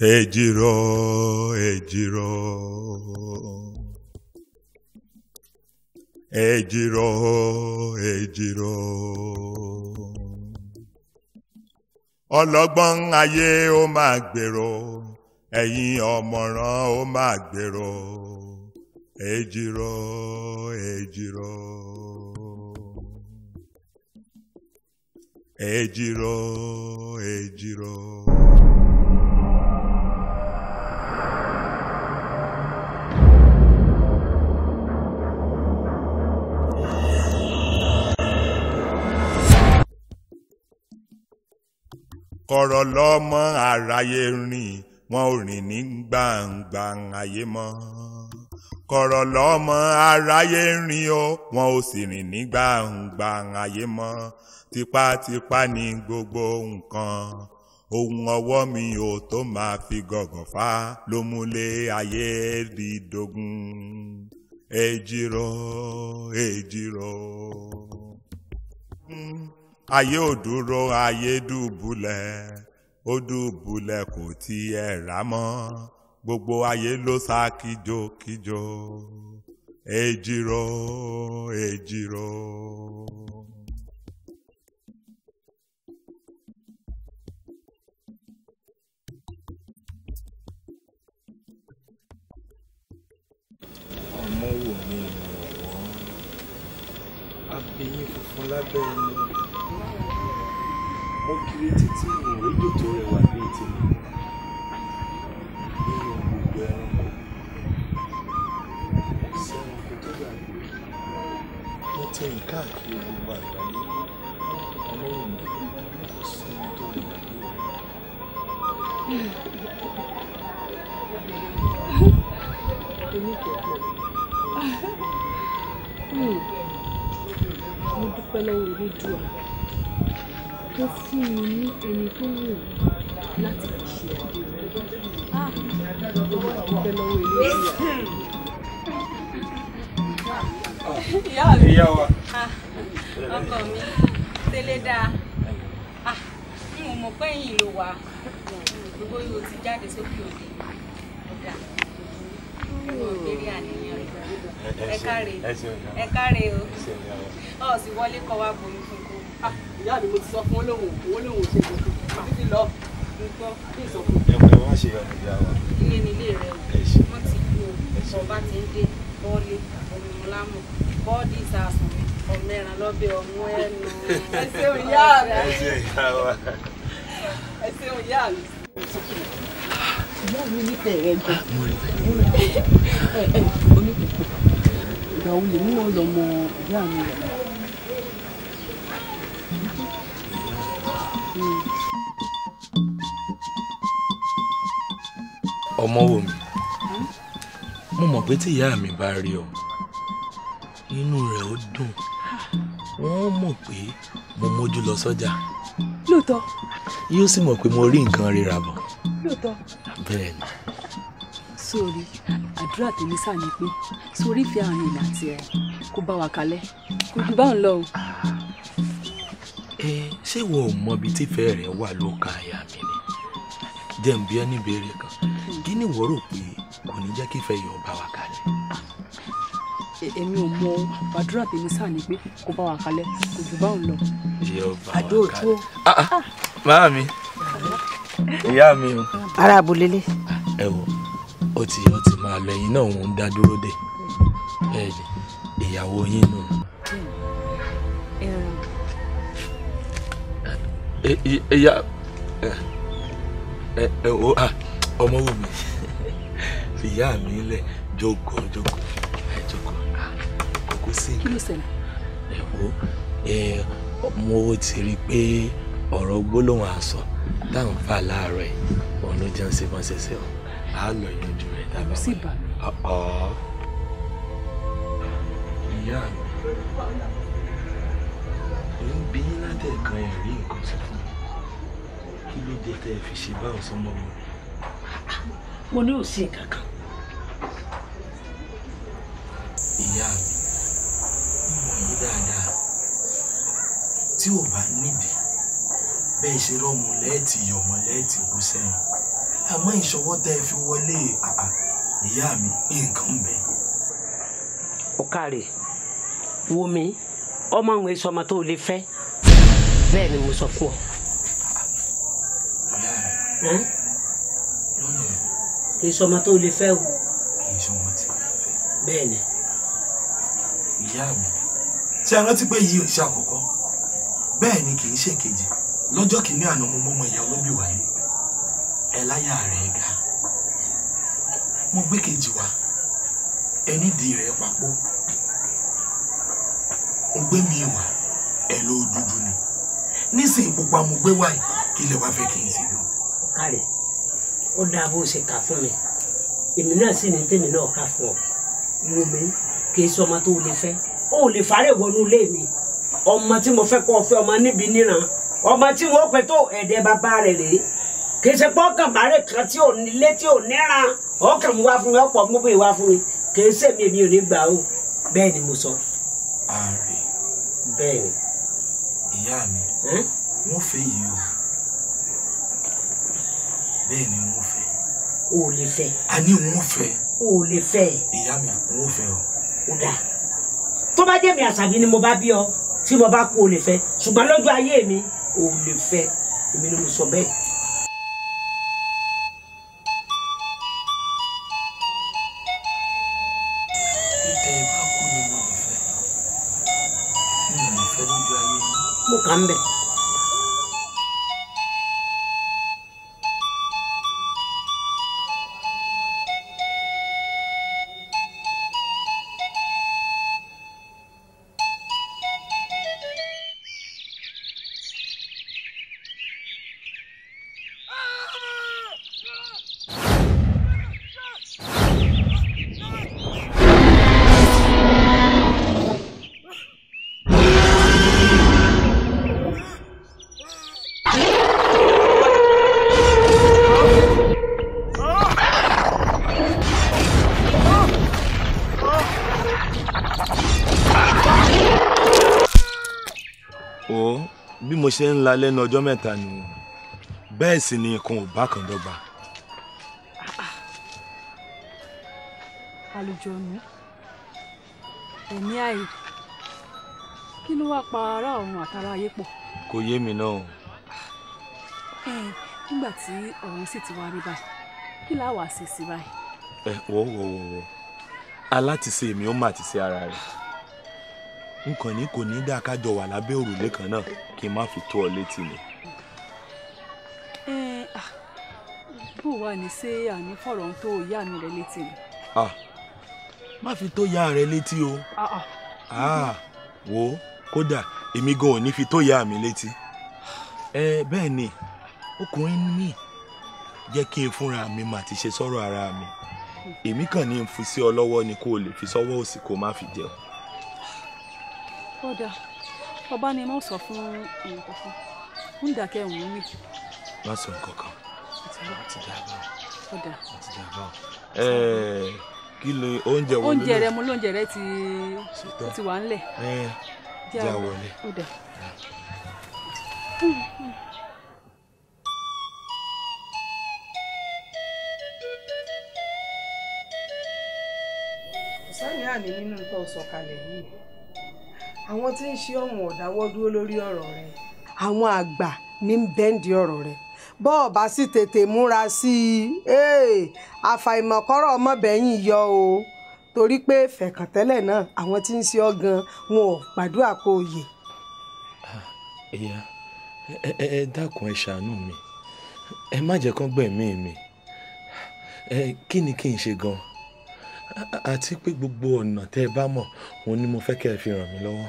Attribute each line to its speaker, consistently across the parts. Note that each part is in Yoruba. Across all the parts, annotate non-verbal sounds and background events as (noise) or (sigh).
Speaker 1: Ejiro, ejiro, ejiro, ejiro. e girò ọlọ́gbọ́n ayé ó máa gbèrò ẹ̀yin ọ̀mọ̀ràn ó máa gbèrò ejiro, ejiro, ejiro. girò e kọ̀rọ̀ lọ́mọ aráyé rìn wọn ò rìn ní gbangba ayé mọ́ kọ̀rọ̀ lọ́mọ aráyé rìn o wọn ò sì rìn ní gbangba ayé mọ́ tipátipá ní gbogbo nǹkan ohun ọwọ́ mi ò tó máa fi gọ̀gàn fá ló múlé ayé dídógún èjìrò èjìrò. Mm ayé ò dúró ayé dùbúlẹ̀ ó dùbúlẹ̀ kò tiẹ̀ rà mọ́ gbogbo ayé ló sá kíjokíjo èjìrò èjìrò.
Speaker 2: ọmọ wò mí ìrànwọ́ abiyín funfun lábẹ́ ẹni mo kiri títí mi rédíò tó rẹwà bíi tèmi
Speaker 1: nínú gbogbo
Speaker 3: ẹranko sẹ́ranko tó gbà pé tó tẹ̀yìn káàkiri gbogbo àgbáyé ọlọ́run kò sí ohun tó lè gbàgbé rẹ̀. Hmm.
Speaker 4: Hmm. mo dúpẹ́ lọ́wọ́ Elédùà
Speaker 3: tó fún mi ní ẹni tó wù láti fi ṣe àdéhùn. ìyá wa ah, ọkọ mi
Speaker 4: tẹ́lẹ̀ dáa ah, n ò mọ̀ pé ẹ̀yìn ló wà gbogbo yóò ti jáde sókè òde ọ̀gá ẹ káre o ọ̀ wọlé kọ́ wa bomi fún un ìyá mi mo ti sọ fún olóhùn owó lóhùn ṣe ìgbọ̀n títí lọ nǹkan bí ìsọfún.
Speaker 3: ẹ ẹ wá ṣe ìyọnu ìyá wa. ilé
Speaker 4: ni ilé rẹ o wọn ti kú o ìṣọba ti ń dé bọ́ọ̀lì omi ọlámù bọ́ọ̀dì ìsàsùn ọmọ ẹran lọ́bẹ̀ ọmú ẹnu.
Speaker 3: ẹ ṣeun ìyá rẹ. ẹ ṣe ìyá wa.
Speaker 4: ẹ ṣeun ìyá mi. ìyá mi nífẹ̀ẹ́ rẹ jù. Ah, mo rí bẹ́ẹ̀. oníkùkù ìgbà wo lèmi wọn lọ mọ ìyá mi rẹ.
Speaker 2: ọmọ wò mí mo mọ̀ pé tí ìyá mi bá rí ọ inú rẹ̀ ó dùn wọ́n mọ̀ pé mo mójú lọ sọ́jà. lóòótọ́. yóò sì mọ̀ pé mo rí nǹkan rírà bọ̀.
Speaker 4: lóòótọ́. bẹ́ẹ̀ ni. sórí àdúrà tèmi sà ni pé sórí ìfẹ́ àárín ìlà àti ẹ̀ kó bá wa kalẹ̀ kò jù báwọn lọ o.
Speaker 2: ẹ ṣé ìwọ ò mọbi tífẹ́ rẹ wà ló àyà mi ni jẹ́ ń bí ẹ níbèrè kan kí ni ìwọ rò pé kò ní jẹ́ kí ìfẹ́ yọ̀ bá wa kalẹ̀.
Speaker 4: èmi ò mọ àdúrà tèmi sáà ni pé kó bá wa kalẹ̀ kò jù báwọn lọ.
Speaker 2: yóò bá wa kalẹ̀ àdó òtún. máa mi ìyá mi o.
Speaker 5: ara àbòlélẹ̀.
Speaker 2: ẹ wo ó ti ó ti máa lọ ẹyin náà wọn ń dá dúró dé ìyàwó yín nù. ìyá ẹ ẹ wo ah ọmọ wù mí fìyà mi lẹ̀ jókòó jókòó ẹ jókòó kókó sí nǹkan. kí ló ṣẹlẹ̀. ẹ wo mo ti rí i pé ọ̀rọ̀ gbólóhùn àsọ táwọn fà láàárọ̀ ẹ̀ òun ló jẹun ṣe bọ́n ṣẹṣẹ o a lọ yanjú rẹ̀ dábàá. kò sí ìbà mi.
Speaker 6: ìyá mi ń bí yín ládẹ́ẹ̀kan ẹ̀rí nǹkan sọ fún mi kí ló dé tẹ́ ẹ fi ṣe báwọn sọmọ mi
Speaker 5: mo ní òsì nǹkan kan.
Speaker 3: ìyá mi mo mọ̀ yín dáadáa
Speaker 2: tí ò bá nídìí bẹ́ẹ̀ ṣe rọ́mọ lẹ́ẹ̀tì yọ̀mọ lẹ́ẹ̀tì bú sẹ́yìn àmọ́ ìṣọwọ́ tẹ́ ẹ fi wọlé àbá ìyá mi nǹkan ń bẹ.
Speaker 5: ọ̀kàrẹ̀ wo mi ọmọ àwọn èso ọmọ tó lè fẹ́ bẹ́ẹ̀ ni mo sọ fún ọ.
Speaker 3: ìyá mi
Speaker 5: kì í sọmọ tó lè fẹ́ o. kì í sọmọ tí mo fẹ́. bẹ́ẹ̀ ni.
Speaker 2: ìyá mi ṣé ẹ rántí pé yìí ò ṣe àkọ́kọ́ bẹ́ẹ̀ ni kì í ṣe kejì lọ́jọ́ kìíní àná mo mọ́mọ́ ìyá olóbì wáyé ẹ láyà rẹ̀ ga mo gbé kejì wá ẹni di rẹ̀ papọ̀ mo gbé mi wá ẹ ló dúdú ni nísìnyí pupa mo gbé wáyé kí lè wá fẹ́ kí n sì lò. ọ̀kàrẹ̀
Speaker 5: ó dáa bó ṣe kà fún mi èmi náà sì ní tèmi náà kà fún ọ wo mi kì í sọmọ tó lè fẹ́ ó lè fàárẹ̀ wọnú ilé mi ọmọ tí mo fẹ́ kọ́ ọ fẹ́ ọmọ níbi níran ọmọ tí wọ́n pẹ́ tó ẹ̀dẹ̀ bàbá rẹ̀ rèé kì í ṣe pé ọkàn bàárẹ̀ kan tí ò nílé tí ò níra ọkàn mi wá fún mi ọ̀pọ̀ mú bí wá fún mi kì í ṣèmi èmi ò ní gbà ó bẹ́ẹ̀ ni mo sọ.
Speaker 3: ààrẹ bẹ́ẹ̀ ni.
Speaker 6: ìyá mi wọ́n fẹ́ yìí o bẹ́ẹ̀ ni wọ́n o le lè fẹ́. a ní n ò fẹ́. o ò lè fẹ́. ìyá mi n ò fẹ́ o.
Speaker 5: o da tó bá jẹ́ mi àṣàbí ni mo bá bí ọ tí mo bá kú o lè fẹ́ ṣùgbọ́n lójú ayé mi o le lè fẹ́ èmi ni mo sọ bẹ́ẹ̀. mo kà ń
Speaker 2: iṣẹ́ ńlá lẹ́nu ọjọ́ mẹ́ta nù bẹ́ẹ̀ sì ni nǹkan ò bá kan dọ́gba.
Speaker 4: àlùjọ̀nù ẹ̀mí ààyè kí ló wáá pa ará ọ̀run àtàrà ayé pọ̀.
Speaker 2: kò yé mi náà.
Speaker 4: nígbà tí ọ̀run sì ti wá rí báyìí kí láà wá sí sí báyìí.
Speaker 2: ẹ wọ́ wọ́ wọ́ wọ́ alátìsí èmi ó mà ti ṣe ara rẹ̀ nǹkan ní kò ní dáa ká jọ wà lábẹ́ òrùlé kan náà kí n má fi tó ọ létí ni.
Speaker 4: bó wà ní ṣé àní fọ̀rọ̀ ń tó ìyá mi rẹ létí ni.
Speaker 2: má fi tó ìyá rẹ létí o wò ó kódà èmi gan ò ní fi tó ìyá mi létí. bẹ́ẹ̀ ni ọkùnrin mi jẹ́ kí n fúnra mi mà ti ṣe sọ́rọ̀ ara mi èmi kàn ní n fi sí ọ lọ́wọ́ ni kó o lè fi sọ́wọ́ òsì kó o má fi jẹun.
Speaker 4: kódà ọba ni mo sọ fún èèyàn kankan ń dàkẹ́ òun mi.
Speaker 1: má sọ nǹkan kan
Speaker 4: àti dàgbà ọ̀dà àti
Speaker 1: dàgbà ọ̀ kí ló oúnjẹ wo ló oúnjẹ rẹ mo
Speaker 4: lóúnjẹ rẹ ti ti wà ńlẹ̀ jẹ́ àwọlé ọ̀dà.
Speaker 7: sani àní nínú tó sọ̀kalẹ̀ yìí àwọn tí ń ṣe ọ̀hún ò dáwọ́ dúró lórí ọ̀rọ̀ rẹ. àwọn àgbà ní ń bẹ́ǹdì ọ̀rọ̀ rẹ bọ́ọ̀ bá sì tètè múra sí i àfàìmọ̀kọ́rọ̀ ọmọbẹ̀yìn yọ o torí pé fẹ̀kàntẹ́lẹ̀ náà àwọn tí ń ṣe ọ gan wọn ò gbàdúrà kó o yè.
Speaker 2: ìyá ẹ ẹ dákun ẹ ṣàánú mi ẹ má jẹ́ kán gbẹ̀mí mi ẹ kí ni kí n ṣe gan-an àti pé gbogbo ọ̀nà tẹ́ ẹ bá mọ̀ òun ni mo fẹ́ kẹ́ ẹ fi ràn mí lọ́wọ́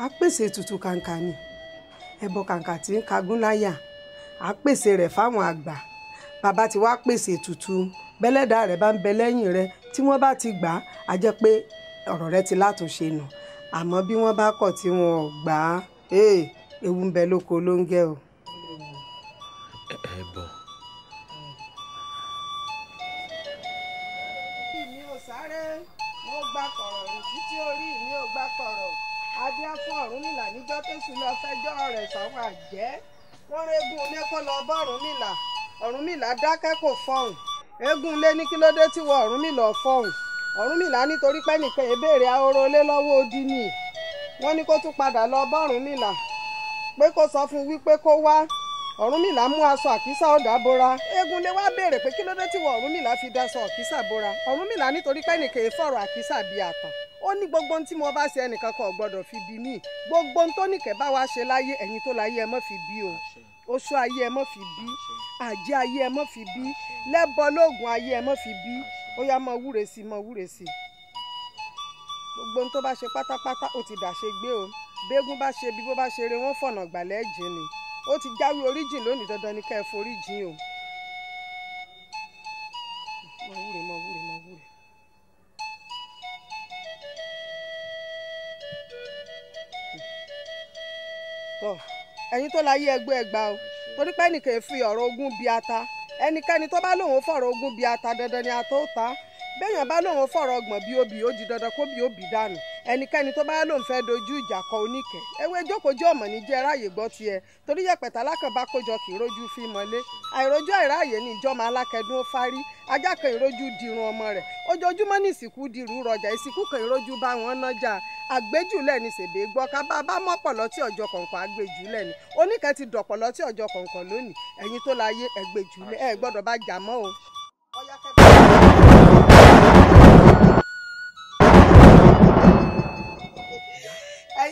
Speaker 7: á pèsè ètùtù kàǹkà ni ẹbọ kàǹkà tí ń kagún láyà á pèsè rẹ̀ fáwọn àgbà bàbá ti wá pèsè ètùtù bẹ́lẹ́dà rẹ̀ bá ń bẹ lẹ́yìn rẹ̀ tí wọ́n bá ti gbà á jẹ́ pé ọ̀rọ̀ rẹ̀ ti látúnṣe nù àmọ́ bí wọ́n bá kọ̀ tí wọn ò gbà á ewu ń bẹ lóko ló o. ẹbọ. mi ò sáré mo gbà kọ̀rọ̀ títí orí mi ò gbà kọ̀rọ̀. adé fún Ọ̀rúnmìlà níjọ́ tẹ́sù lọ fẹjọ́ rẹ̀ sáwọn àjẹ́ wọ́n rán eégún ilé kó lọ bá Ọ̀rúnmìlà Ọ̀rúnmìlà dákẹ́ kò fọhùn eégún ilé ní kí ló nítorí pé nìkan ìbéèrè ahoro sọ fún kó wá mú aṣọ àkísà ọ̀dà bora wá béèrè pé fi daṣọ àkísà bora ó ní gbogbo ohun tí mo bá ṣe ẹnìkan kan gbọ́dọ̀ fi bí mi gbogbo ohun tó nìkẹ́ bá wá ṣe láyé ẹ̀yin tó láyé ẹ mọ́ fi bí o oṣù ayé ẹ mọ́ fi bí àjẹ́ ayé ẹ mọ́ fi bí lẹ́bọ lóògùn ayé ẹ mọ́ fi bí ó yá mọ wúre sí mọ wúre sí gbogbo ohun tó bá ṣe pátápátá ó ti dàṣe gbé o bẹ́gùn bá ṣe bí bó bá ṣe eré wọn fọ̀nà gbàlẹ́ jìn ni ó ti jáwé oríjìn lónìí dandan ni ká ẹ foríjìn o. tọ́ ẹ̀yin tó la yi ẹgbẹ́ ẹgbà o torí pé ẹnìkan fi ọ̀rọ̀ ogún ata enikeni tó bá lòun fọ̀rọ̀ ogun bí ata dandan ni a ó ta béèyàn bá lòun fọ̀rọ̀ bi bí obì ó di dandan kó bí obì dànù ẹnikẹ́ni tó bá lóun fẹ́ dojú ìjà kọ oníkẹ́ ewé jókòjó ọ̀mọ̀ ní jẹ́ ráàyè gbọ́ tiẹ̀ torí yẹ̀pẹ̀tà alákànbá kójọ kì í rójú fi mọ́lé àìrójú àìráàyè ní ìjọba alákẹ́dún ó fárí ajá kan ìrójú dirun ọmọ rẹ̀ ojoojúmọ́ ní ìsìnkú dirú rọjà ìsìnkú kan ìrójú bá wọn nájà àgbéjùlẹ̀ ni ṣèbè gbọ́ ká bá bá mọ́pọ̀lọ́ tí ọjọ́ kọ̀ọ̀kan àgbéjùlẹ̀ ni oníkẹ́ ti dọ̀pọ̀lọ́ tí ọjọ́ kọ̀ọ̀kan lónìí ẹ̀yin tó láyé ẹgbéjùlẹ̀ ẹ gbọ́dọ̀ bá jà mọ́ o.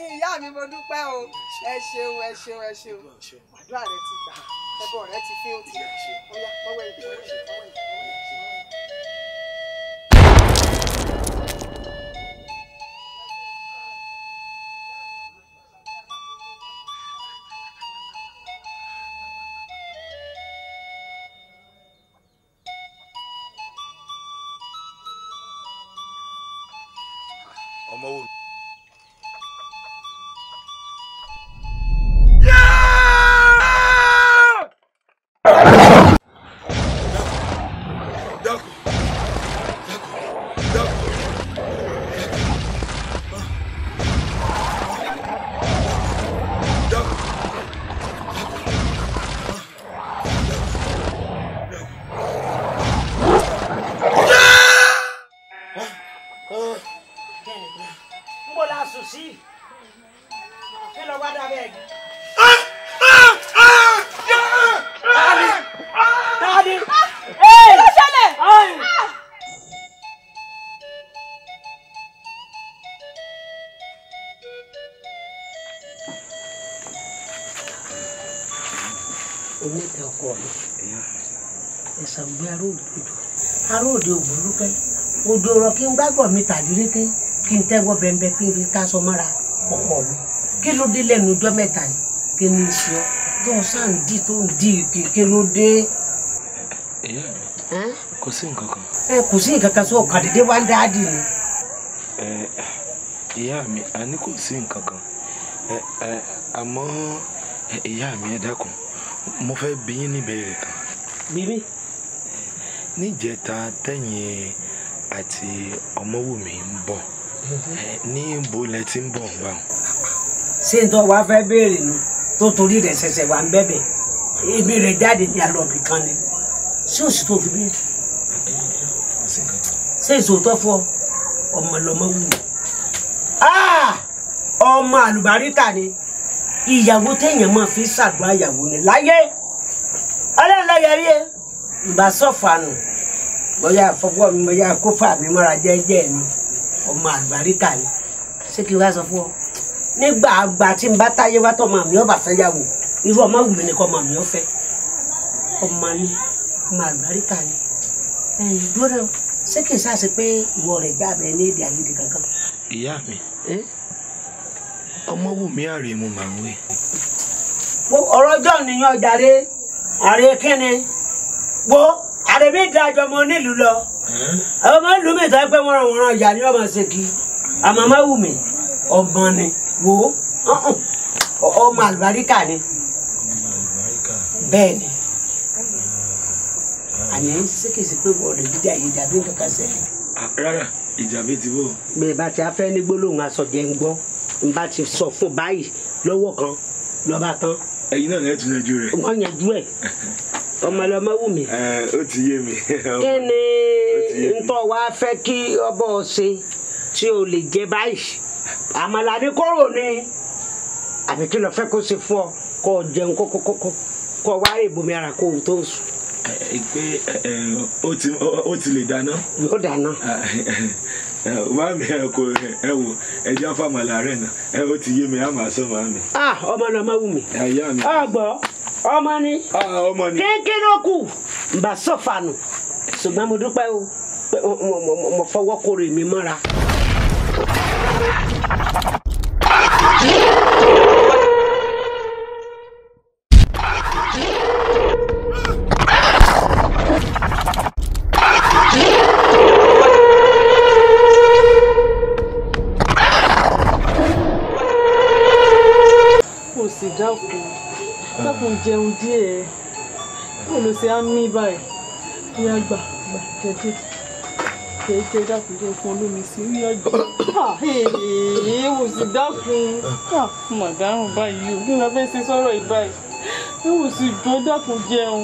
Speaker 7: ẹ̀yin ìyá mi mo dúpẹ́ o ẹ ṣeun ẹ ṣeun ẹ ṣeun àdúrà rẹ ti gbà ẹbọ rẹ ti fi ó ti ọyá lọ́wọ́ ìdí lọ́wọ́ ìdí.
Speaker 1: ọmọ wo
Speaker 5: ojú ọ̀rọ̀ kí n gbàgbọ́ mi tàdírété kí n tẹ́wọ́ bẹ́ńbẹ́ kí n fi ká sọmọ́ra ọkọ mi kí ló dé lẹ́nu ọjọ́ mẹ́ta yìí kí ni iṣu ọ tó ń sàn dì tó ń dì kí kí ló dé.
Speaker 2: ìyá mi kò sí nǹkan kan.
Speaker 5: ẹ kò sí nǹkan kan sí ọkà dédé wá ń dá
Speaker 2: dì ni. ìyá mi a ní kò sí nǹkan kan àmọ́ ìyá mi ẹ dákun mo fẹ́ bi yín níbẹ̀rẹ̀ kan. bíbí. níjẹta tẹ̀yìn àti ọmọwùmí ń bọ̀ mhm. ní ibo lẹ ti ń bọ̀ ń bá wọn. ṣé
Speaker 5: n tó wá fẹ́ béèrè nu tó torí rẹ̀ ṣẹ̀ṣẹ̀ wà ń bẹ̀bẹ̀ ibi rẹ̀ jáde ní alọ́bì kan ni ṣé òsì tó fi béèrè ṣé ìṣòótọ́ fún ọ ọmọ lọmọ wù mí ah! ọmọ àlùbáríkà ni ìyàwó téèyàn máa fi ṣàdúrà ìyàwó ni láyé ọlọ́run lọ́yẹ̀rí ẹ̀ ìbá sọ̀fà nù bóyá fọwọ́ mi bóyá kófà mi mọ́ra jẹ́jẹ́ ni ọmọ àgbáríkà ni ṣé kí n wá sọ fún ọ. nígbà àgbà tí n bá táyé wá tọ́ màmí ọba fẹ́yàwó irú ọmọ wù mí nìkan màmí ọ fẹ́ ọmọ ni ọmọ àgbáríkà ni ẹ̀yìn dúró ṣé kì í sáà ṣe pé ìwọ rẹ̀ gbá bẹ́ẹ̀ ní èdè àìyedè kankan.
Speaker 2: ìyá mi ọmọ wù mí àrè mu màá wé.
Speaker 5: ọ̀rọ̀ john nìyẹn ọjà rẹ àrè kẹ́ni wo àdèmí da àjọ ọmọ onílùú lọ àwọn ọmọ ìlú mi tọ́ pé wọ́n ràn wọ́n ràn ìyá ni wọ́n máa ṣe kí àmọ́ má wù mí ọmọ ni wò ó ọmọ àlùbáríkà ni bẹ́ẹ̀ ni ah, ah. àní ṣékèsí pé wọ́n lè dídá yìí dàbí nǹkan kan ṣẹlẹ̀. Ah, rárá ìjàmbá ti bọ̀. bẹ́ẹ̀ bá ti afẹ́ ní gbólóhùn asọ̀jẹ̀ ń gbọ́ n bá ti sọ fún báyìí lọ́wọ́ kan lọ́ba tán. ẹ̀yin náà lẹ́ẹ̀tún yanjú rẹ̀. wọ́n yanjú ẹ̀ (laughs) ọmọlọmọ wù mí. ó ti yé mi. kí
Speaker 7: ni
Speaker 5: ntọ́ wa fẹ́ kí ọba ọ̀sẹ̀ tí o lè jẹ báyìí àmàlà ní kóró ni àbí kí lọ fẹ́ kó ṣe fún ọ kó o jẹun kó kó o kó wá ìbomi ara kó o tó sùn.
Speaker 2: pé ó ti lè dáná. yóò dáná. Màámi ẹ kò ẹ wò ẹ jẹ́ fàmàlà rẹ̀ náà ẹ ó ti yé mi á máa sọ màámi. Ah, ọmọ náà má wù mí. ọgbọ́n ọmọ ni ah,
Speaker 3: kékeré
Speaker 5: kù nbà sọfà nù ṣùgbọ́n mo dúpẹ́ o mo fọwọ́ kórè mi mọ́ra.
Speaker 4: ń jẹun díẹ̀ kó ló ṣe á mí báyìí kí á gbà gbà jẹjẹ jẹjẹ dákun jẹ fún
Speaker 7: olómi sí ní ọjọ́ èèwò sì dákun mà dárùn báyìí o kí n fẹ́ ṣe sọ̀rọ̀ ìbáyìí èèwò sì jọ dákun jẹun.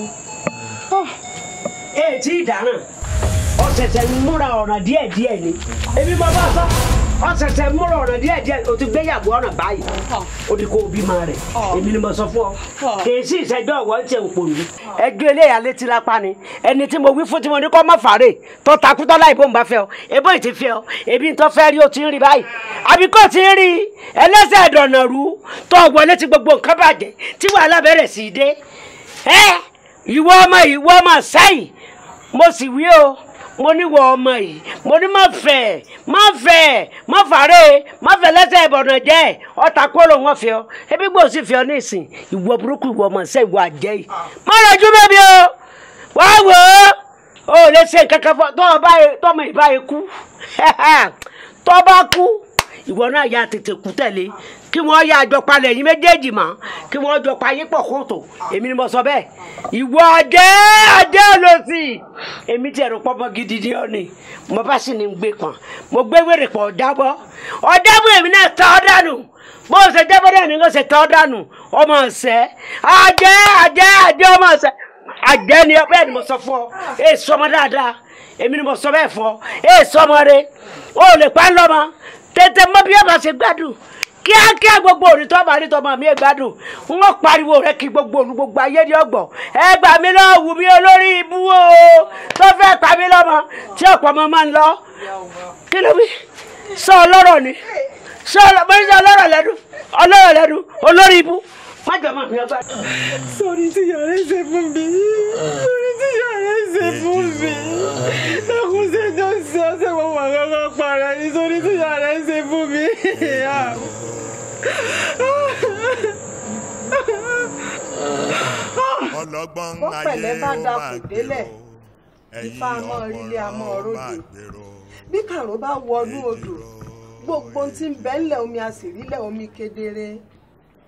Speaker 5: èyí ìdáná ọ̀sẹ̀sẹ̀ ń múra ọ̀ràn díẹ̀díẹ̀ ni èmi máa bá a sá ọ̀sẹ̀sẹ̀ múrò ọ̀nà díẹ̀ díẹ̀ o ti gbéyàwó ọ̀nà báyìí o ti kó o bímọ rẹ̀ èmi ni mo sọ fún ọ kìí sí ìṣẹ́jọ́ ìwọ ń ṣe òpònú. ẹjọ́ eléyà létí lápá ni ẹni tí mo wí fún tí mo ní kọ́ mọ́ fàárẹ̀ tó takútọ́ láì bó ń bá fẹ́ ọ ebó ì ti fẹ́ ọ ebi tó fẹ́ rí o ti ń rí báyìí àbí kò ti ń rí ẹlẹ́sẹ̀ ìdọ̀nà rú tó wọlé ti gbogbo nǹkan bàjẹ́ tí wàhálà bẹ̀rẹ̀ sí í dé ẹ ìwọ ọmọ ìwọ ọmọ sẹ́yìn mo sì wí o mo ní wọ ọmọ yìí mo ní má fẹ́ má fẹ́ má fàárẹ̀ má fẹ́ lẹ́sẹ̀ ìbọ̀nà jẹ́ ọ̀tà kóró wọn fi ọ ebi gbòò sì fi ọ ní ìsìn ìwọ burúkú ìwọ ọmọ ṣẹ́ ìwọ àjẹ́ yìí má rọjú bẹ́ẹ̀bi o wá wò ó ò lè ṣe kankan fún tọ́mọ ìbáyé kú (laughs) tọ́ bá kú ìwọ náà yà tètè kú tẹ̀lé kí wọ́n yá àjọ palẹ̀ yín méjèèjì mọ́ kí wọ́n jọ pa yín pọ̀ kóòtò èmi ni mo sọ bẹ́ẹ̀ ìwọ adé adé olóòsì èmi ti ẹ̀rù pọ́pọ́ gidi ni ọ́ni mo bá sì ní gbé pọ̀n mo gbé wèrè pọ̀ ọ̀dábọ̀ ọ̀dábọ̀ èmi náà tọ́ ọ dànù bó ṣe jábọ́ dànù ló ṣe tọ́ ọ dànù ọmọ ọ̀sẹ̀ adé adé adé ọmọ ọ̀sẹ̀ adé ni bẹ́ẹ̀ ni mo sọ fún ọ èso ọmọ dáadáa èmi ni mo sọ bẹ́ẹ̀ fún ọ èso ọmọ rẹ o lè pa lọ́mọ tètè mọ bí ọmọ ṣe gbádùn kíákíá gbogbo òní tó máa rí tọmọ mi gbádùn wọn pariwo rẹ kí gbogbo òní gbogbo ayé ní ọgbọ ẹ gbà mí lọ wù mí olórí ibú o tó fẹ́ pa mí lọ́mọ tí ọ̀pọ̀ ọmọ máa ń lọ kí ló wí sọ ọlọ́rọ̀ ni sọ ọlọ́rọ̀ lẹ́nu ọlọ́rọ̀ lẹ́nu olórí ibú má jọ mọ mi ọba. sọrí tí yàrá ẹ ṣe fún mi
Speaker 6: sọrí tí yàrá ẹ ṣe fún mi lọkùn ṣe jọ ṣe ọṣẹ wọn wà kankan para ni sọrí tí yàrá ẹ ṣe fún mi.
Speaker 1: ọlọ́gbọ́n ayé ó máa gbèrò ẹ̀yin
Speaker 7: ọmọ rẹ bí kàró bá wọnú odò gbogbo tí ń bẹ́ńlẹ̀ omi àṣírí lẹ̀ omi kedere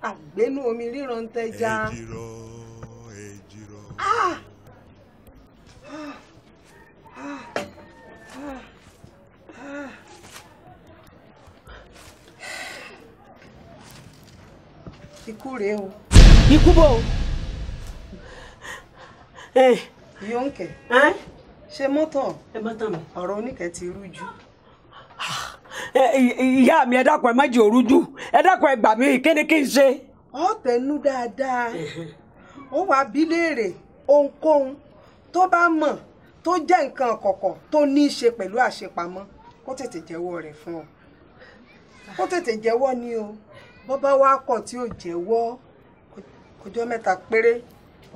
Speaker 1: àgbénú
Speaker 7: omi ríran tẹja. ẹjìrọ ẹjìrọ. Ah! ikú rèé o. ikú bò ó. yọ̀ǹkẹ̀ ṣe mọ́tọ̀ ọ̀rọ̀ oníkẹ́ ti rújú.
Speaker 5: Ah. Eh, ìyá mi ẹ dákun ẹ má jẹ́ òrújú ẹ dákun ẹ gbà mí kí ni kí n ṣe.
Speaker 7: ó tẹnu dáadáa ó wàá bí léèrè ohunkóhun tó bá mọ̀ tó jẹ́ nǹkan kọ̀kọ̀ tó ní í ṣe pẹ̀lú àṣepamọ́ kó tètè jẹ́wọ́ rẹ̀ fún ọ kó tètè jẹ́wọ́ ni o bó bá wá kọ̀ tí ò jẹ́wọ́ ọjọ́ mẹ́ta péré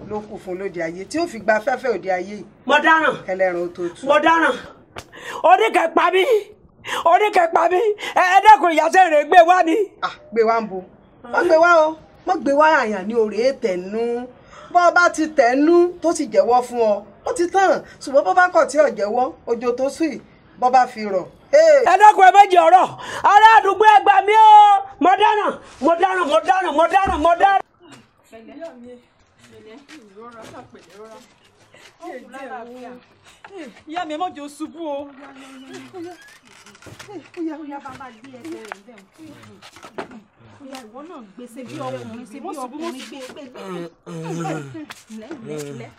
Speaker 7: ló kù fún lóde ayé tí ó fi gba afẹ́fẹ́ òde ayé yìí. mo dáràn ẹlẹ́rìn ó tó tu. mo dáràn oníkẹ́ pa mí
Speaker 5: oníkẹpa mi ẹ̀ẹ́dẹ́kun ìyàsẹ́ rẹ̀ gbé wá ni.
Speaker 7: gbé wá ń bo má gbé wá o má gbé wá àyàn ní òrèé tẹ̀nu bọ́ bá ti tẹ̀nu tó sì jẹ́wọ́ fún ọ ó ti tàn ṣùgbọ́n bọ́ bá kọ̀ tí ò jẹ́wọ́ ojo tó sì bọ́ bá fi rọ̀ ẹdọkùn ẹbẹjì ọ̀rọ̀ ará àdúgbò ẹgbà mi ó mo dáná mo dáná mo dáná
Speaker 6: mo dáná mo dáná.
Speaker 4: ìyá mi ẹ mọ̀jọ ṣubú o. Oya oya bàbá gbé ẹsẹ̀ rẹ̀ bẹ́ẹ̀ o. Oya ìwọ náà gbé ṣe bí ọkùnrin ṣe bí ọkùnrin gbé gbé gbé. Lẹ́lẹ́lẹ́.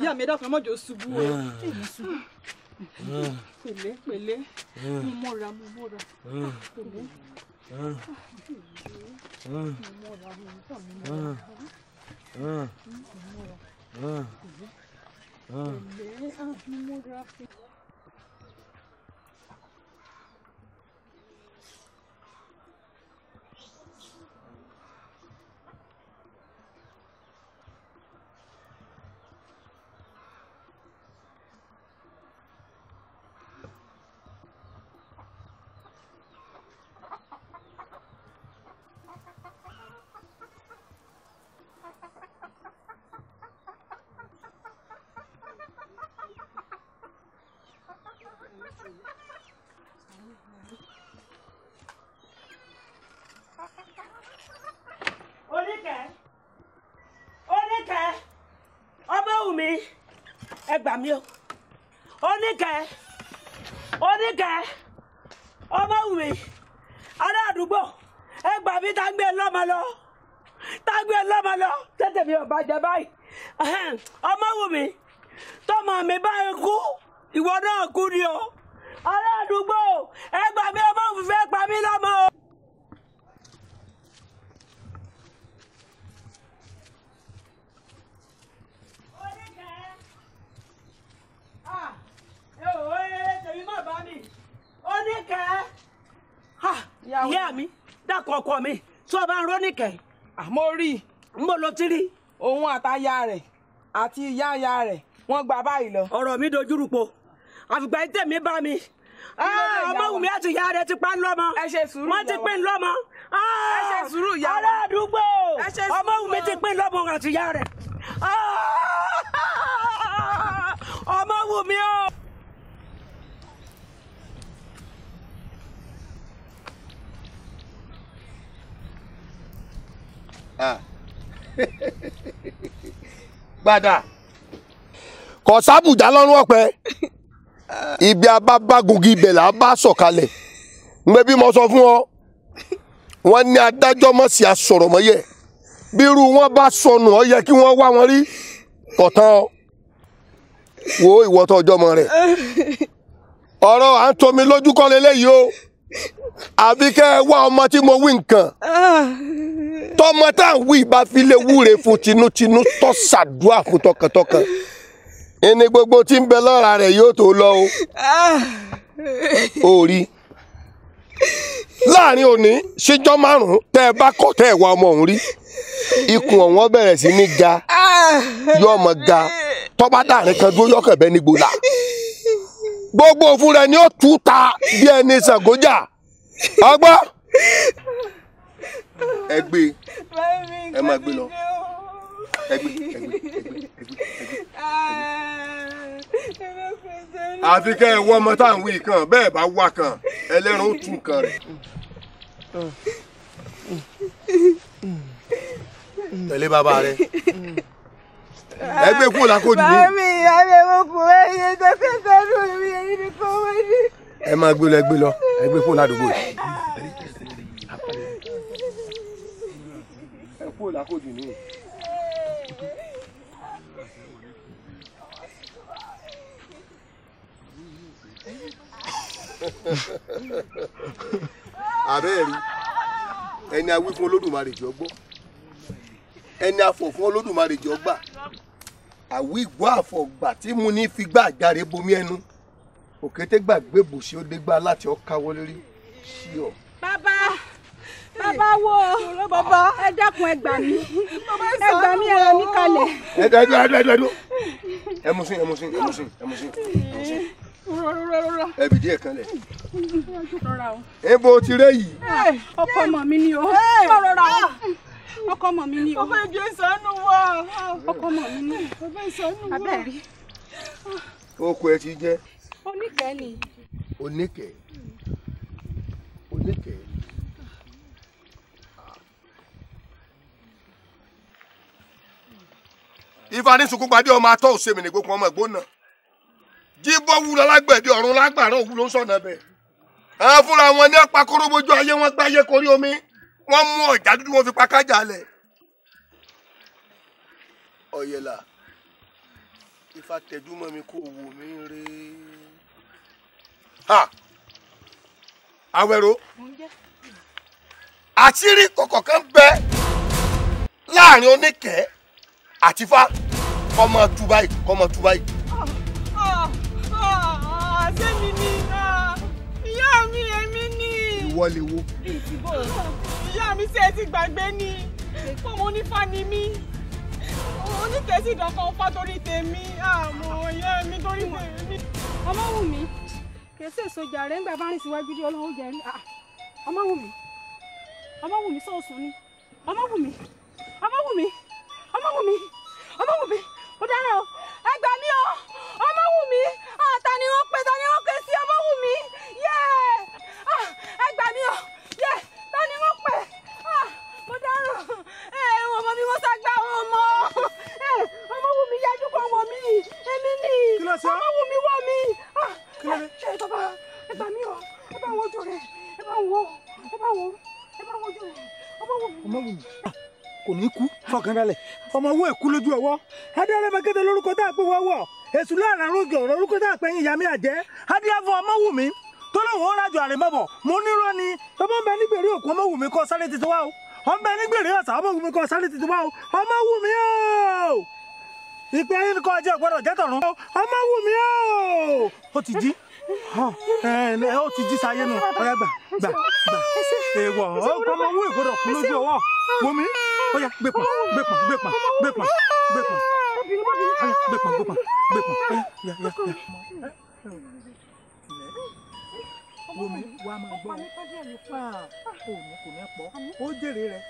Speaker 4: Ìyá mi dákun mọ́jọ ṣubú o. Pẹ̀lẹ́ pẹ̀lẹ́. Mo mọ́ra mo mọ́ra.
Speaker 3: Pẹ̀lẹ́. Mo mọ́ra mo mọ́ra. Mo mọ́ra. Pẹ̀lẹ́. Ah,
Speaker 5: ẹ gbà mí o oníkẹ oníkẹ ọmọwùmí ará àdúgbò ẹ gbà mí tá a gbé lọ́mọ lọ tá a gbé lọ́mọ lọ tètè mi ò bàjẹ́ báyìí ọmọwùmí tọmọ mi báyìí kú ìwọ náà kú ni o ará àdúgbò ẹ gbà mí ọmọwùmí fẹ́ pa mí lọ́mọ. ìyá mi dákun ọkọ mi tí wọn bá ń rónìkẹ. àmọ́ rí i. n bò ti rí. òun àtaya rẹ̀ àti ìyá rẹ̀ wọ́n gba báyìí lọ. ọ̀rọ̀ mi dojúrú àfìgbà yìí tèmi bá mi. Ah, ọmọ wù mí àti ìyá rẹ̀ ti pa ń lọ́mọ. ẹ ṣe sùúrù yàwó wọ́n ti pín lọ́mọ. Ah, ẹ ṣe sùúrù yàwó ará àdúgbò ọmọ wù mí ti pín lọ́mọ àti ìyá rẹ̀.
Speaker 3: Ah, (laughs) ọmọ wù mí o. Ah. (laughs)
Speaker 2: gbàdà. kò sábùjá lọ́rùn ọ̀pẹ ibi abábágungi ibẹ̀ là á bá sọ̀kalẹ̀ ńgbẹ́ bí mo sọ fún ọ wọ́n ní adájọ́ mọ̀ sí asọ̀rọ̀ mọ́ yẹ bírú wọn bá sọnù ọ yẹ kí wọ́n wá wọn rí kọ̀tán wo ìwọ tó ọjọ́ mọ rẹ̀ ọ̀rọ̀ à ń tomi lójú kọ́ lélẹ́yìí o àbí wá ọmọ tí mo wí nǹkan ah. tọmọ tá wí bá fi lè wúre fún tinútinú tó ṣàdúrà fún tọkàntọkàn ẹni gbogbo tí ń bẹ lọ́ra rẹ̀ yóò tó lọ o orí láàrin òní síjọ́ márùn-ún tẹ́ ẹ bá kọ̀ tẹ́ ẹ wá ọmọ rí ikùn ọ̀hún bẹ̀rẹ̀ ga ga tọ́ba kan dúró gbogbo òfin ni ó tú ta bí ẹni sàgójà ọgbọ́n. ẹ gbé ẹ máa gbé lọ oh. ẹ gbé ẹ gbé
Speaker 3: ẹ
Speaker 4: gbé ẹ gbé.
Speaker 2: Ah, àfi kẹ́ ẹ wọ ọmọ tá à ń wí kan bẹ́ẹ̀ bá wà kan ẹlẹ́ran ó tún kan rẹ̀. tẹ̀lé bàbá rẹ̀ ẹgbẹ́ kúrò lákòdù ní. bàmí
Speaker 3: ìyáre mo kù ẹyẹ tó kẹta èyí ni kò wọ́n
Speaker 2: ẹ máa gbé lọ ẹ gbé lọ ẹ gbé kúrò ládùúgbò yìí. Ah kúrò lákòjù nìyẹn. ààrẹ rí ẹni awí fún olódùmarè jọ gbọ́ ẹni afọ̀ fún olódùmarè jọ gbà àwí ìgbọ́ àfọ̀gbà tí mo ní fi gbà àjàre bomi ẹnu òkété gbàgbé bùsí ó dé gbá láti ọ káwọ́ lórí sí ọ. bàbá
Speaker 4: bàbá wo bàbá ẹ dákun ẹ gbà mí ẹ gbà mí ẹ rà mí kalẹ̀.
Speaker 2: ẹ dá dúró ẹ dúró ẹ dúró ẹ mú sí ẹ mú sí ẹ mú sí
Speaker 4: ẹ mú sí ẹ mú sí. ẹ bìdí ẹ
Speaker 2: kan lẹ. ebo ti rẹ yìí.
Speaker 4: Eh, ọkọ ọmọ mi ni eh. o ọkọ ọmọ mi ni o. ọba ìjọ ìsànú wa. ọkọ ọmọ mi ni ọba ìsànú wa. abẹ́rẹ́.
Speaker 2: oko ẹ ti jẹ́.
Speaker 4: oníkẹ́ ni. oníkẹ́.
Speaker 2: ifá ní sunkún gbadé ọmọ atọ́ òsèmì nìgbòkun ọmọ ìgbóná jíbọ́ wúlọ lágbẹ̀dẹ ọ̀run lágbàrá òwú ló ń àwọn fúnra wọn ní ọ̀pá kórógbójú ayé wọn gbáyé korí omi wọn mú ọ̀já dúdú wọn fi pa kájà lẹ̀. ọ̀yẹ̀là ifá tẹ̀jú mọ́ mi kó wò mí rí. àwẹ̀rò àṣírí kọ̀kọ̀ kan bẹ láàrin oníkẹ́ẹ́ àti fa kọmọ tú báyìí kọmọ tú báyìí.
Speaker 4: ṣé mi ni ìyá mi èmi ni. ìwọ lè wo. ìyá mi ṣe ti gbàgbé ni fọmọ onífà ni mí onítẹ̀sí ìdọ̀kan fá torí tèmi àmọ́ ìyá mi torí tèmi. ọmọwùmí kèsì èsòjà rẹ ńgbà bá rìn síwájú dé ọlọ́wọ́ jẹrí ah, ọmọwùmí ọmọwùmí sọ̀ọ̀sùn ni ọmọwùmí ọmọwùmí. Ọmọwùmí Ọmọwùmí ó dára o ẹ gbà mí o Ọmọwùmí àtà ni wọ́n pè ta ni wọ́n pè sí Ọmọwùmí yẹ ẹ gbà o yẹ ta ni wọ́n pè mo dára ẹ ọmọ mi wọ́n ságbá ọmọ Ọmọwùmí yájú kọ ọmọ mi èmi ni Ọmọwùmí wọ mi ẹ bàbá ẹ gbà mí o ẹ bá wo ojú rẹ ẹ bá wo ẹ bá wo ẹ bá
Speaker 3: wo ojú rẹ
Speaker 6: Ọmọwùmí kò ní kú fọkànbalẹ̀ ọmọ owó èkú lójú ọwọ́ adéhàrẹ mẹkẹtẹ lórúkọ tá a pè wọwọ èṣù láàrin àrùn lórúkọ tá a pè yín ìyàmí àjẹ adéhàfọ ọmọwùmí tó lóun ó rájò àrèmọbọ mo nírọ ni ọmọ bẹ nígbèrè òkú ọmọwùmí kọ sáré títí wá o ọmọ bẹ nígbèrè ọsà ọmọwùmí kọ sáré títí wá o ọmọwùmí o ìpè ayé kọ ọjọ́ ìgbọdọ jẹtọrun ọmọwùmí o ó ti jí ó ti jí sáyé nù ọyá gbà gbà gbà èèwọ̀ ọkọ̀ ọmọ owó kú lójú ọwọ́ wọ́n mi ó yá gbé pọn gbé pọn gbé pọn gbé pọn gbé pọn gbé pọn gbé pọn gbé pọn ó yá yá yá. Omi wa máa gbọ́ ah, òní kò ní pọ̀ ó jèrè rẹ̀.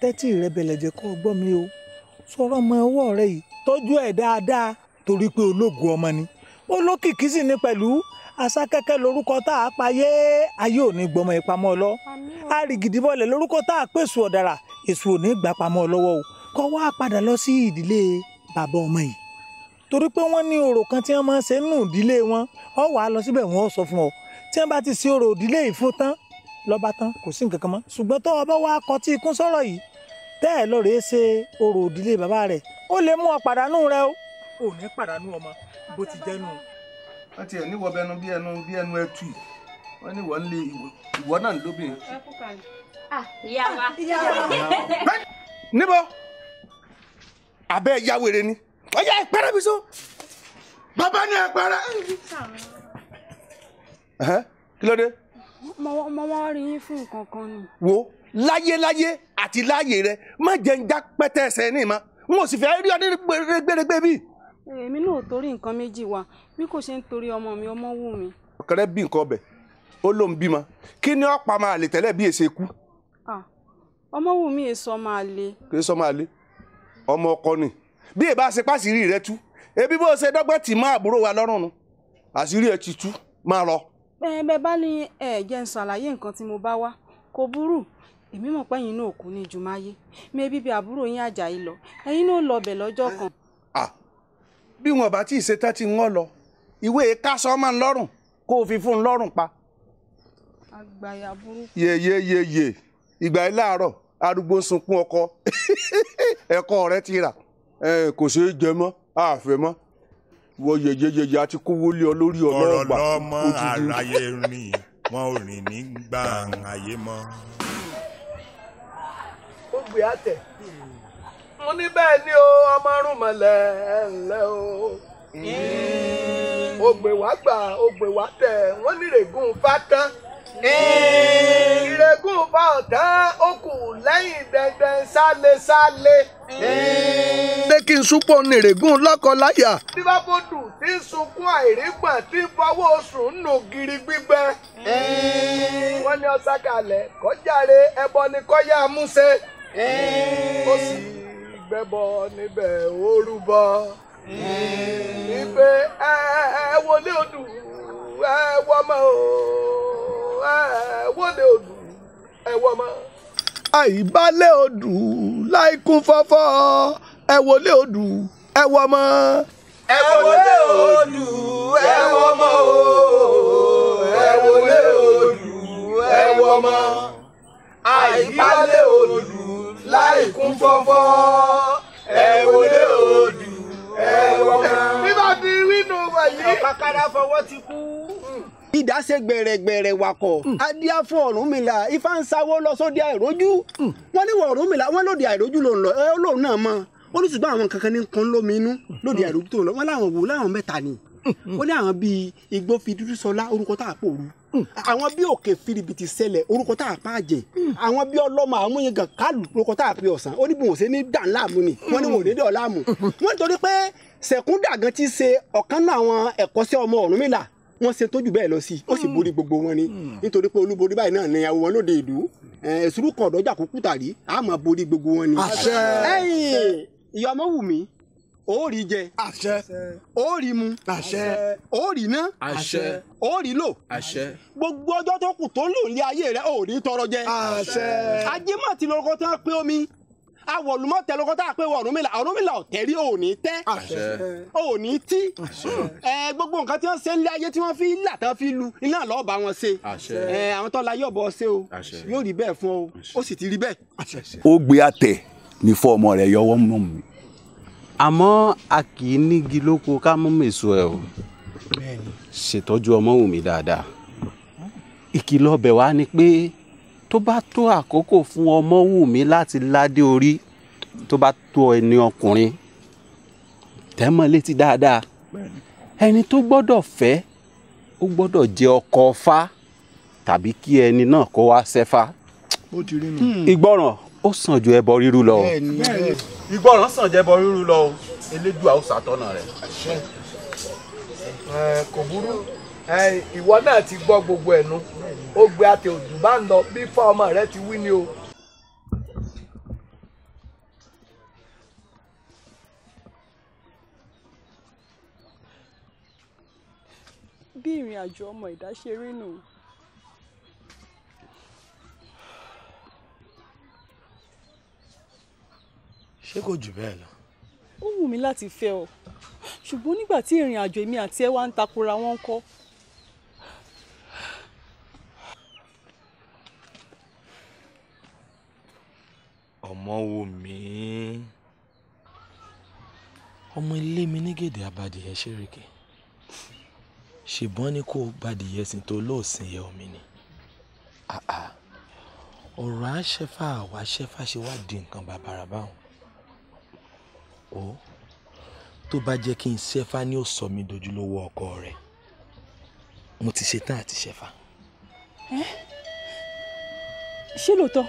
Speaker 6: Tẹ́tí rẹ bẹ̀lẹ̀ jẹ́ kó gbọ́ mi o. Sọ̀rọ̀ ọmọ ọwọ́ rẹ yìí tọ́jú ẹ̀ dáadáa torí pé ológun ọmọ ni. Olókìkí sì ni pẹ̀lú Àṣàkẹ́kẹ́ lorúkọ tá a payé ayé òní gbọmọ ìpamọ́ lọ àrìgìdìbọlẹ̀ lorúkọ tá a pèsè ọ̀dàrà èso òní gbà pamọ́ lọ́wọ́ o kọ́ wá padà lọ sí ìdílé bàbá ọmọ yìí torí pé wọ́n ní orò kan tí wọ́n máa ń ṣe nù ìdílé wọn ọ wàá lọ síbẹ̀ wọ́n sọ fún ọ tí wọ́n bá ti ṣe orò ìdílé yìí fún tán lọ́ba tán kò sí nǹkan kan mọ́ ṣùgbọ́n tó ọba wa kọ tí ikún sọ̀rọ̀ yìí tẹ́ lọ́ọ́ rèé ṣe orò ìdílé bàbá rẹ̀ ó lè mú ọ pàdánù rẹ o ò ní pàdánù ọmọ bó ti jẹ́ wọ́n ti ẹ̀ níwọ̀ bẹnu
Speaker 2: bí ẹnu bí ẹnu ẹtù yìí wọ́n ní ìwọ nílé ìwọ náà lóbìnrin.
Speaker 6: Ah, ìyá wa (laughs) ìyá wa.
Speaker 2: níbo abẹ́ ya wèrè ni ọjà ìpẹ́rẹ́ mi so bàbá ni
Speaker 6: ìpẹ́rẹ́.
Speaker 2: kí ló dé.
Speaker 4: mo wá rí yín fún nǹkan kan ni.
Speaker 2: wo láyéláyé àti láyé rẹ má jẹ́ ń já pẹ́tẹ́ ẹsẹ̀ ní ìmọ̀ n ò sì fẹ́ rí ọdún gbèrègbèrè bíi
Speaker 4: èmi náà ò torí nǹkan méjì wa bí kò ṣe ń torí ọmọ mi ọmọ wù mí.
Speaker 2: ọ̀kẹ́rẹ́ bí nǹkan ọbẹ̀ ó ló ń bímọ kí ni ọ̀pá máa lè tẹ́lẹ̀ bí èsè kú.
Speaker 4: ọmọ wù mí èso máa le.
Speaker 2: kì í sọ máa le ọmọ ọkọ ni bí èbá ṣe pàṣírí rẹ tú ebi bó ṣe dọ́gbọ́n tì máa àbúrò wa lọ́rùn nu àṣírí ẹ ti tú máa lọ.
Speaker 4: bẹ́ẹ̀ bá ní ẹ jẹ́ n ṣàlàyé nǹkan tí mo bá wá kò burú èmi mọ̀ pé ẹ̀yin náà kú ní ìjùmáyé mẹ́bí bí àbúrò yín àjà yìí lọ ẹ̀yin náà lọ bẹ̀ lọ́jọ́
Speaker 2: kan bí wọn bá tí ì ṣe tán ti ń lọ ìwé kásọ ọmọ ńlọrùn kó o fi fún un lọ́rùn pa.
Speaker 4: àgbàyà burúkú.
Speaker 2: yeyeyeye ìgbà yìí láàárọ̀ arúgbó sunkún ọkọ (laughs) ẹ̀kọ rẹ ti rà kò ṣeé jẹ mọ́ àfẹ́ mọ́ wọ yeyeyeye àti kówó lé ọ lórí ọlọ́ọ̀gbà ọmọ àlàyé
Speaker 1: wọn ò rìn nígbà àyè mọ́.
Speaker 2: ó gbé àtẹ̀. mo ní bẹ́ẹ̀ ni o ọmọ rúnmọ̀lẹ̀ ẹ̀ o. ó wá gbà ó wá tẹ̀ wọ́n ní règùn fátán. ìrègùn bá ọ̀tán ó kù lẹ́yìn dandan sálesálé. ṣé kí n ní bá tí ń sunkún àìrígbọ̀n tí ń fọwọ́ gbẹ́bọ níbẹ̀ ó rúbọ ìgbé ẹ ẹ wọlé odù ẹ wọmọ o ẹ wọlé odù ẹ wọmọ. àìbálẹ̀ odù láìkún fọ́fọ́ ẹ wọlé odù ẹ wọmọ.
Speaker 6: ẹ wọlé odù ẹ wọmọ
Speaker 3: o ẹ wọlé odù ẹ wọmọ
Speaker 2: àìbálẹ̀ odù. láì kún fọ́fọ́ ẹ wọlé odù ẹ wọ́pẹ́. nígbà tí wínú wọ̀nyí. ọ̀pákárá fọwọ́ ti kú ìdá ṣe gbẹ̀rẹ̀gbẹ̀rẹ̀ wakọ̀ hmm. adíá fún Ọ̀rúnmìlà ifá ń sáwó lọ sóde àìrójú hmm. wọn ní wọ Ọ̀rúnmìlà wọn lòdì àìrójú ló ń lọ ẹ lóun náà mọ olùsùgbọ́n àwọn kankan ní kan lómi inú hmm. lòdì àìrójú tó ń lọ wọn láwọn wò láwọn mẹ́ta ni ó ní àwọn bíi igbó fi dúdú sọlá orúkọ tá a pò rú àwọn bíi òkè firibiti sẹlẹ̀ orúkọ tá a pa jẹ àwọn bíi ọlọ́mọ àmúyangàn kálù orúkọ tá a pe ọ̀sán ó ní bí wọn ò ṣe ní dàn láàmú ni wọn ní wọn ò ní dàn láàmú wọn nítorí pé sẹ̀kúndà gan ti ṣe ọ̀kan náà àwọn ẹ̀kọ́ṣẹ́ ọmọ Ọ̀rúnmìlà wọ́n ṣe tójú bẹ́ẹ̀ lọ sí ó sì borí gbogbo wọn ni nítorí pé olúborí báyìí náà ni àwọn wọn lóde ìlú ẹ̀sùrù kan ọ̀dọ́jà kúkú tàrí àmọ́ borí gbogbo wọn ni. àṣẹ ẹ̀yìn wù mí ó rí jẹ àṣẹ ó rí mu àṣẹ ó rí ná àṣẹ ó rí lò àṣẹ gbogbo ọjọ́ tó kù tó lò ní ayé rẹ ó ní tọrọ jẹ àṣẹ ajé má ti lọ́kọ́ tí wọ́n pé omi awọ̀lùmọ́ tẹ lọ́kọ́ tá a pé wọ Ọ̀rúnmìlà Ọ̀rúnmìlà ọ̀tẹ́rí ò ní tẹ́ ò ní tí gbogbo nǹkan tí wọ́n ṣe ń lé ayé tí wọ́n fi là tán fi lu iná lọ́ọ́ bá wọn ṣe àwọn tó la yóò bọ́ ṣe o yóò rí bẹ́ẹ̀ fún ọ ó sì ti rí bẹ́ẹ̀. ó gbé àtẹ ní fọ́ ọmọ rẹ̀ yọwọ́ mú mi àmọ́ a kì í nígi lóko ká mú mèso ẹ o ṣètọ́jú ọmọ wù mí dáadáa ìkìlọ̀ ọbẹ̀ wa ni pé tó bá tó àkókò fún ọmọ wù mí láti ládé orí tó bá tó ẹni ọkùnrin tẹ́mọ̀ létí dáadáa ẹni tó gbọ́dọ̀ fẹ́ ó gbọ́dọ̀ jẹ ọkọ fá tàbí kí ẹni náà kó wá sẹ́fá ìgbọràn ó sàn ju ẹbọ rírú lọ. bẹ́ẹ̀ni bẹ́ẹ̀ni ìgbọràn sàn jẹbọ rúru lọ o elédùà ó ṣàtọ̀nà rẹ. kò burú ìwọ náà ti gbọ́ gbogbo ẹ̀nu ó gbé àtẹ òdùn bá ń lọ bí fá ọmọ rẹ ti wí ni o.
Speaker 4: bí ìrìn àjò ọmọ ìdá ṣe rí nù.
Speaker 2: ṣé kò jù bẹ́ẹ̀ lọ.
Speaker 4: ó wù mí láti fẹ́ ọ ṣùgbọ́n nígbà tí ìrìn àjò èmi àti ẹ wá ń takora wọn kọ́.
Speaker 2: ọmọ wo mi ọmọ ilé mi ní gèdè abadìyẹ ṣèrèké ṣùgbọ́n ní kó gbadìyẹ sìn tó lóòsìn yẹ omi ni ọ̀rọ̀ àṣẹfà àwàṣẹfà ṣe wá di nǹkan bàbàrà báwọn ó tó bá jẹ́ kí n ṣẹ́fá ni ó sọ mí dojúlówó ọkọ rẹ̀
Speaker 6: mo ti ṣetán àti ṣẹ́fá. ṣé lóòótọ́.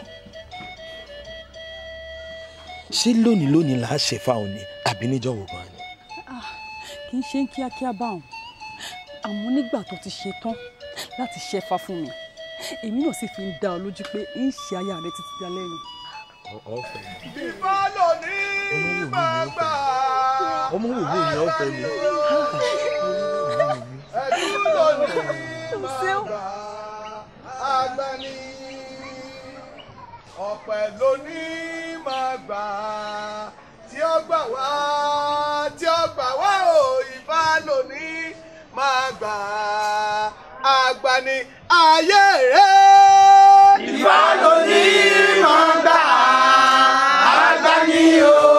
Speaker 6: ṣé lónìí lónìí là á ṣẹ́fá òní àbí níjọ́ wo gan ni.
Speaker 4: Ah, kì í ṣe ń kíákíá bá òun àmọ́ nígbà tó ti ṣetán láti ṣẹ́fá fún mi èmi náà sì fi ń dá ọ lójú pé ń ṣe aya rẹ títí
Speaker 6: dalẹ́ yìí. ọ̀fẹ́.
Speaker 3: ìbálò ọmọ wò mí ni ó mi. agbani
Speaker 2: ọ̀pẹ ló ní máa gbà tí ó gbà wá tí ó gbà wá o ìfà ló ní máa gbà agbani ayé rẹ.
Speaker 3: ìfà ló ní máa gbà agbani o.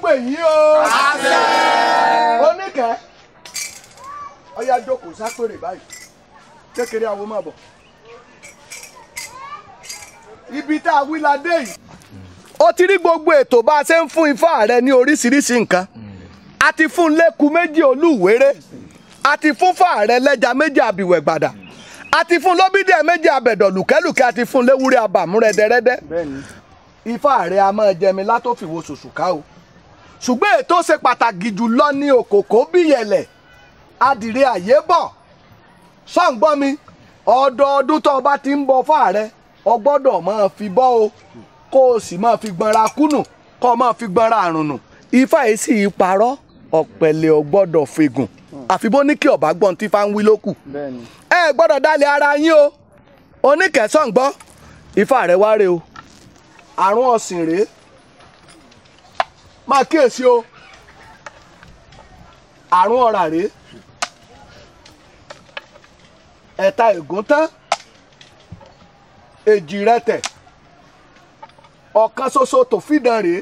Speaker 2: gbè yín o. oníkẹ́ ọyá jókòó sápèrè báyìí kékeré àwọn máa bọ̀. ibi tá a wí la dé yìí. ó ti rí gbogbo ètò bá a ṣe ń fún ifá rẹ ní oríṣiríṣi nǹkan a ti fún lẹ́kùn méjì olúwéré a ti fún fàárẹ̀ lẹ́ja méjì àbìwẹ̀ gbàdà a ti fún lóbídẹ̀ méjì abẹ̀dọ̀ lùkẹ́lùkẹ́ a ti fún léwúrẹ́ abàmúrẹ́dẹ́rẹ́dẹ́ ifá rẹ̀ a máa jẹ mi látòfìwò ṣòṣùká o ṣùgbọ́n èyí tó ṣe pàtàkì jùlọ ni òkòkò bíyẹ̀lẹ̀ adìrẹ àyè bọ̀ ṣọ́ǹgbọ́n mi ọdọọdún tó o bá ti ń bọ fáàrẹ o gbọ́dọ̀ máa fi bọ́ o kó o sì máa fi gbọ́nra kúnù kó o máa fi gbọ́nra àrùnù ifá yìí sì parọ́ ọ̀pẹ̀lẹ̀ ò gbọ́dọ̀ fegùn àfi bó ní kí ọba gbọ́n tí fa ń wí lókù ẹ gbọ́dọ̀ dálẹ̀ ara yín o oníkẹ́sọ̀ǹgbọ́ ifá rẹ wá rè o àrùn ọ̀sìn rèé máa kíyèsí o àrùn ọ̀rà rèé ẹ̀ta ègún tán èjì rẹ̀tẹ̀ ọ̀kan ṣoṣo tó fìdán rèé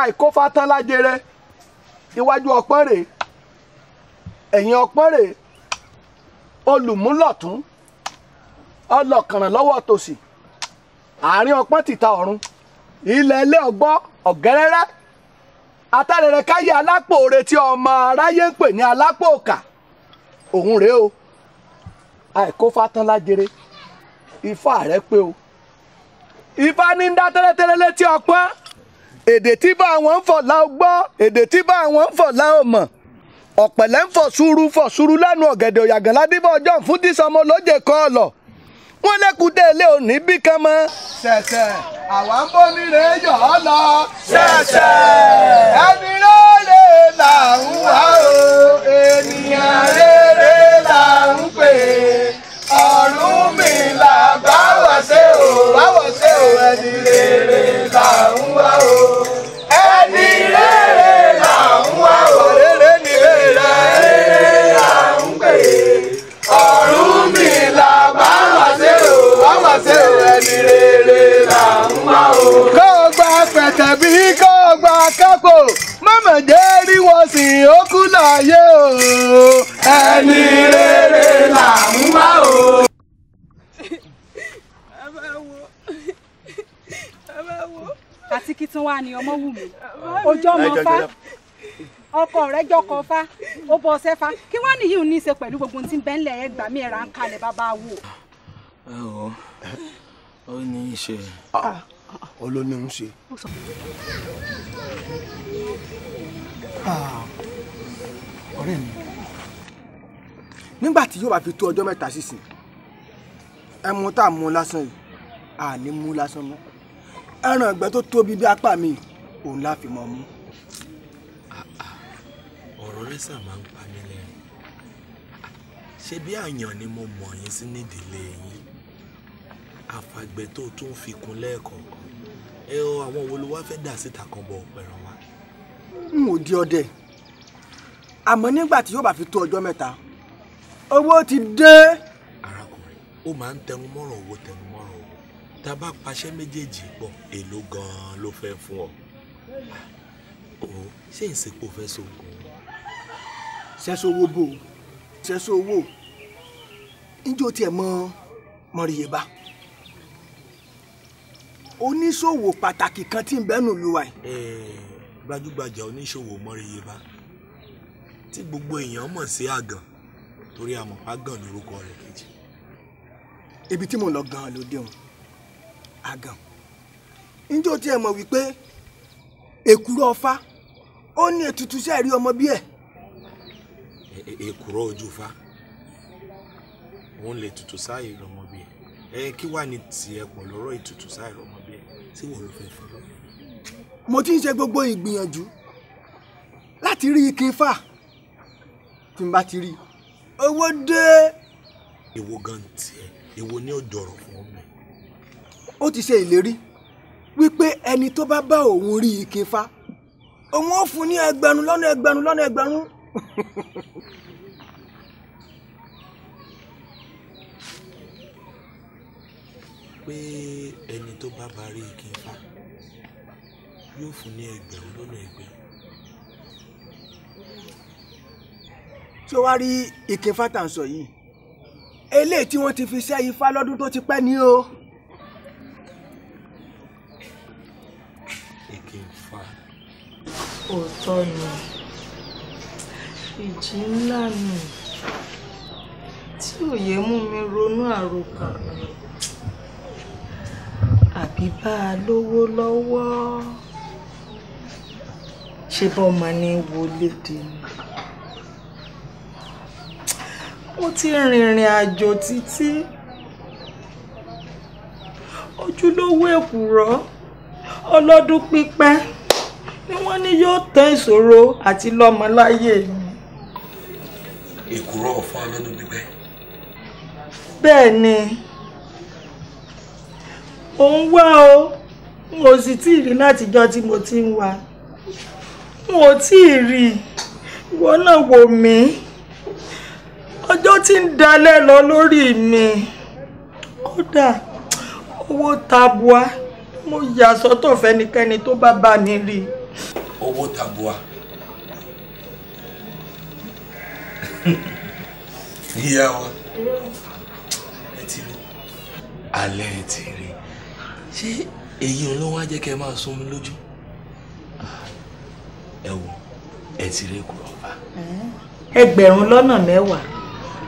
Speaker 2: àìkófá tán lájẹrẹ iwájú ọpọ́n rèé ẹ̀yìn ọpọ́n rèé olùmúlọ̀tún ọlọ́kànràn lọ́wọ́ tòsì àárín ọpọ́n tìta ọ̀run ilẹ̀ ilé ọgbọ́ ọ̀gẹ́rẹ́rẹ́ àtàrẹ̀rẹ̀ káyé alápò tí ọmọ aráyé ń pè ní alápò òkà òun rèé o àìkófá lájere ifá rẹ pé o ifá ní ń dá tẹ́lẹ̀tẹ́lẹ̀ létí ọpọ́n èdè tí bá àwọn ń fọ̀ la èdè tí bá àwọn ń fọ̀ la ó wọ́n lẹ́kùn tẹ̀lé òní bí kan mọ́. ṣẹ̀ṣẹ̀ àwa ń bọ́ mi rè
Speaker 6: yọ̀ ọ́ lọ. ṣẹ̀ṣẹ̀ ẹni rere là ń wá o ènìyàn rere là ń
Speaker 2: pè ọ̀run mi là báwọ̀ ṣe o báwọ̀ ṣe o ẹni rere là ń wá o
Speaker 6: ẹni rere.
Speaker 2: ọgbà kápò mọ̀mọ̀ jẹ́ rí wọn sìn ó kú láyé o. ẹni rere là ń wá o.
Speaker 4: àti kí tí wàá ní ọmọ wù mí
Speaker 7: ojú ọmọ fá
Speaker 4: ọkọ rẹ jọkọ fá ó bọ ọsẹ fá kí wọn nìyí ní í ṣe pẹ̀lú gbogbo tí bẹ́ńlẹ̀ ẹ gbà mí ẹ̀rà ń kalẹ̀ bàbá wò.
Speaker 2: ẹ wo ó ní í ṣe. Ah olóní ń ṣe. Ah, ọ̀rẹ́ mi nígbà tí yóò bá fi tó ọjọ́ mẹ́ta sísìn ẹmu tá a mú lásán yìí a ní mú lásán mọ́ ẹran ìgbẹ́ tó tóbi bí apá mi òun la fi mọ̀ mú. ọ̀rọ̀ rẹ̀ sà máa ń pa mí lẹ́rìn ṣé bí àyàn ni mo mọ̀ yín sí nídìílé yín àfàgbẹ́ tó tún fi kún lẹ́ẹ̀kọ̀ọ̀kan ẹ ọ àwọn wo ló wá fẹ́ dà síta kan bọ ẹ̀ràn wa.
Speaker 6: n ò di ọdẹ
Speaker 2: àmọ́ nígbà tí yóò bá fi tó ọjọ́ mẹ́ta owó ti dé. arákùnrin ó máa ń tẹnu mọ́rọ̀ owó tẹnu mọ́rọ̀ owó tá a bá paṣẹ méjèèjì pọ̀ èló gan-an ló fẹ́ fún ọ. òun ah, ṣé ìsìnkú fẹ́ sóògùn. ṣẹ́sọ owó bò ṣẹ́sọ owó níjó tiẹ̀ mọ́ mọ́rìyẹ́ bá oníṣòwò pàtàkì kan tí ń bẹ́nu lùwà yìí. gbajúgbajà oníṣòwò mọ́ríyé bá tí gbogbo èèyàn mọ̀ sí àgàn torí àmọ́ àgàn lórúkọ rẹ̀ kejì.
Speaker 6: ibi tí mo lọ gan-an ló dé òun àgàn njó tiẹ̀ mọ̀ wípé èkúrọ̀ ọfá ó ní ètùtù sẹ́ẹ̀rí ọmọ bí ẹ̀.
Speaker 2: èkúrọ̀ ojú fa òun lè tutù sáàyè ọmọ bí ẹ kí wàá ní tiẹ̀ pọ̀ lọ́rọ̀ ìtutù sáàyè ọmọ ṣé wọ́n ló fẹ́ fún un. mo ti ń ṣe gbogbo ìgbìyànjú láti rí ike fà tí n bá ti rí owó dé. èwo gan tiẹ̀
Speaker 1: èwo ni ó jọrọ fún ọmọ ẹ̀.
Speaker 2: ó ti ṣe ìlérí wípé ẹni tó bá bá òun rí ike fà òun ó fún ní ẹgbẹ̀rún lọ́nà ẹgbẹ̀rún lọ́nà ẹgbẹ̀rún. (laughs) pé ẹni tó bá bari igi Ifá yóò fún ní ẹgbẹ̀rún lọ́nà ẹgbẹ̀rún. tí o wá rí ike Ifá tá à ń sọ yìí eléyìí tí wọ́n ti fi ṣe
Speaker 6: Ifá lọ́dún tó ti pẹ́ ní o.
Speaker 3: ike Ifá.
Speaker 6: òótọ́ ni
Speaker 7: ìjì ńlá ni tí òye mú mi ronú àròkàn àbí bá a lówó lọ́wọ́ ṣé bọ́mọ ní wọlé dé ni mo ti rìnrìn àjò títí ojúlówó èkùrọ́ ọlọ́dún pípẹ́ ni wọ́n ní yóò tán ìṣòro àti lọ́mọ láyé mi.
Speaker 2: èkùrọ́ ọ̀fọ̀ ọlọ́dún pípẹ́.
Speaker 7: bẹ́ẹ̀ ni ò ń wá o n ò sì tí ì rí látijọ́ tí mo ti ń wá n ò tí ì rí ìwọ náà
Speaker 6: wò mí ọjọ́ tí ń dalẹ̀ lọ lórí mi kódà owó tabua mo yà sọ́tọ̀ fẹ́nikẹ́ni tó bá bá mi rí.
Speaker 2: owó tabua (laughs) ìyá wa ẹ ti rí alẹ́ ẹ ti rí ṣé èyí ló wá jẹ́ kẹ́ máa sún mi lójú ah, ẹ wo ẹ ti rí kúrò ọba.
Speaker 3: Ah.
Speaker 7: ẹgbẹ̀rún lọ́nà mẹ́wàá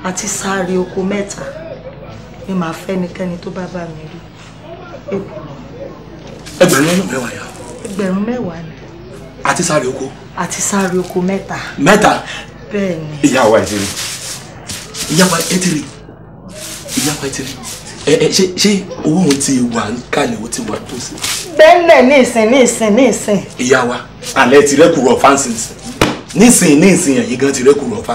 Speaker 7: àti sáré oko mẹ́ta ni
Speaker 6: màá fẹ́ ẹnikẹ́ni tó bá bá mi rí
Speaker 3: ẹgbẹ̀rún lọ́nà mẹ́wàá yà.
Speaker 6: ẹgbẹ̀rún mẹ́wàá ni. àti sáré oko. àti sáré oko mẹ́ta. mẹ́ta. bẹ́ẹ̀
Speaker 2: ni. ìyá wa ẹ ti rí ìyá wa ẹ ti rí ìyá wa ẹ ti rí ṣe eh, eh, ṣe owó òun ti wà ń kalẹ̀ ó ti wà tó sí.
Speaker 7: bẹ́ẹ̀lẹ̀ ní ìsìn ní ìsìn ní ìsìn.
Speaker 2: ìyá wa alẹ́ ti rẹ́kù rọ̀ fáǹsì nísìn ní ìsìn ẹ̀yìn gan ti rẹ́kù rọ̀ fá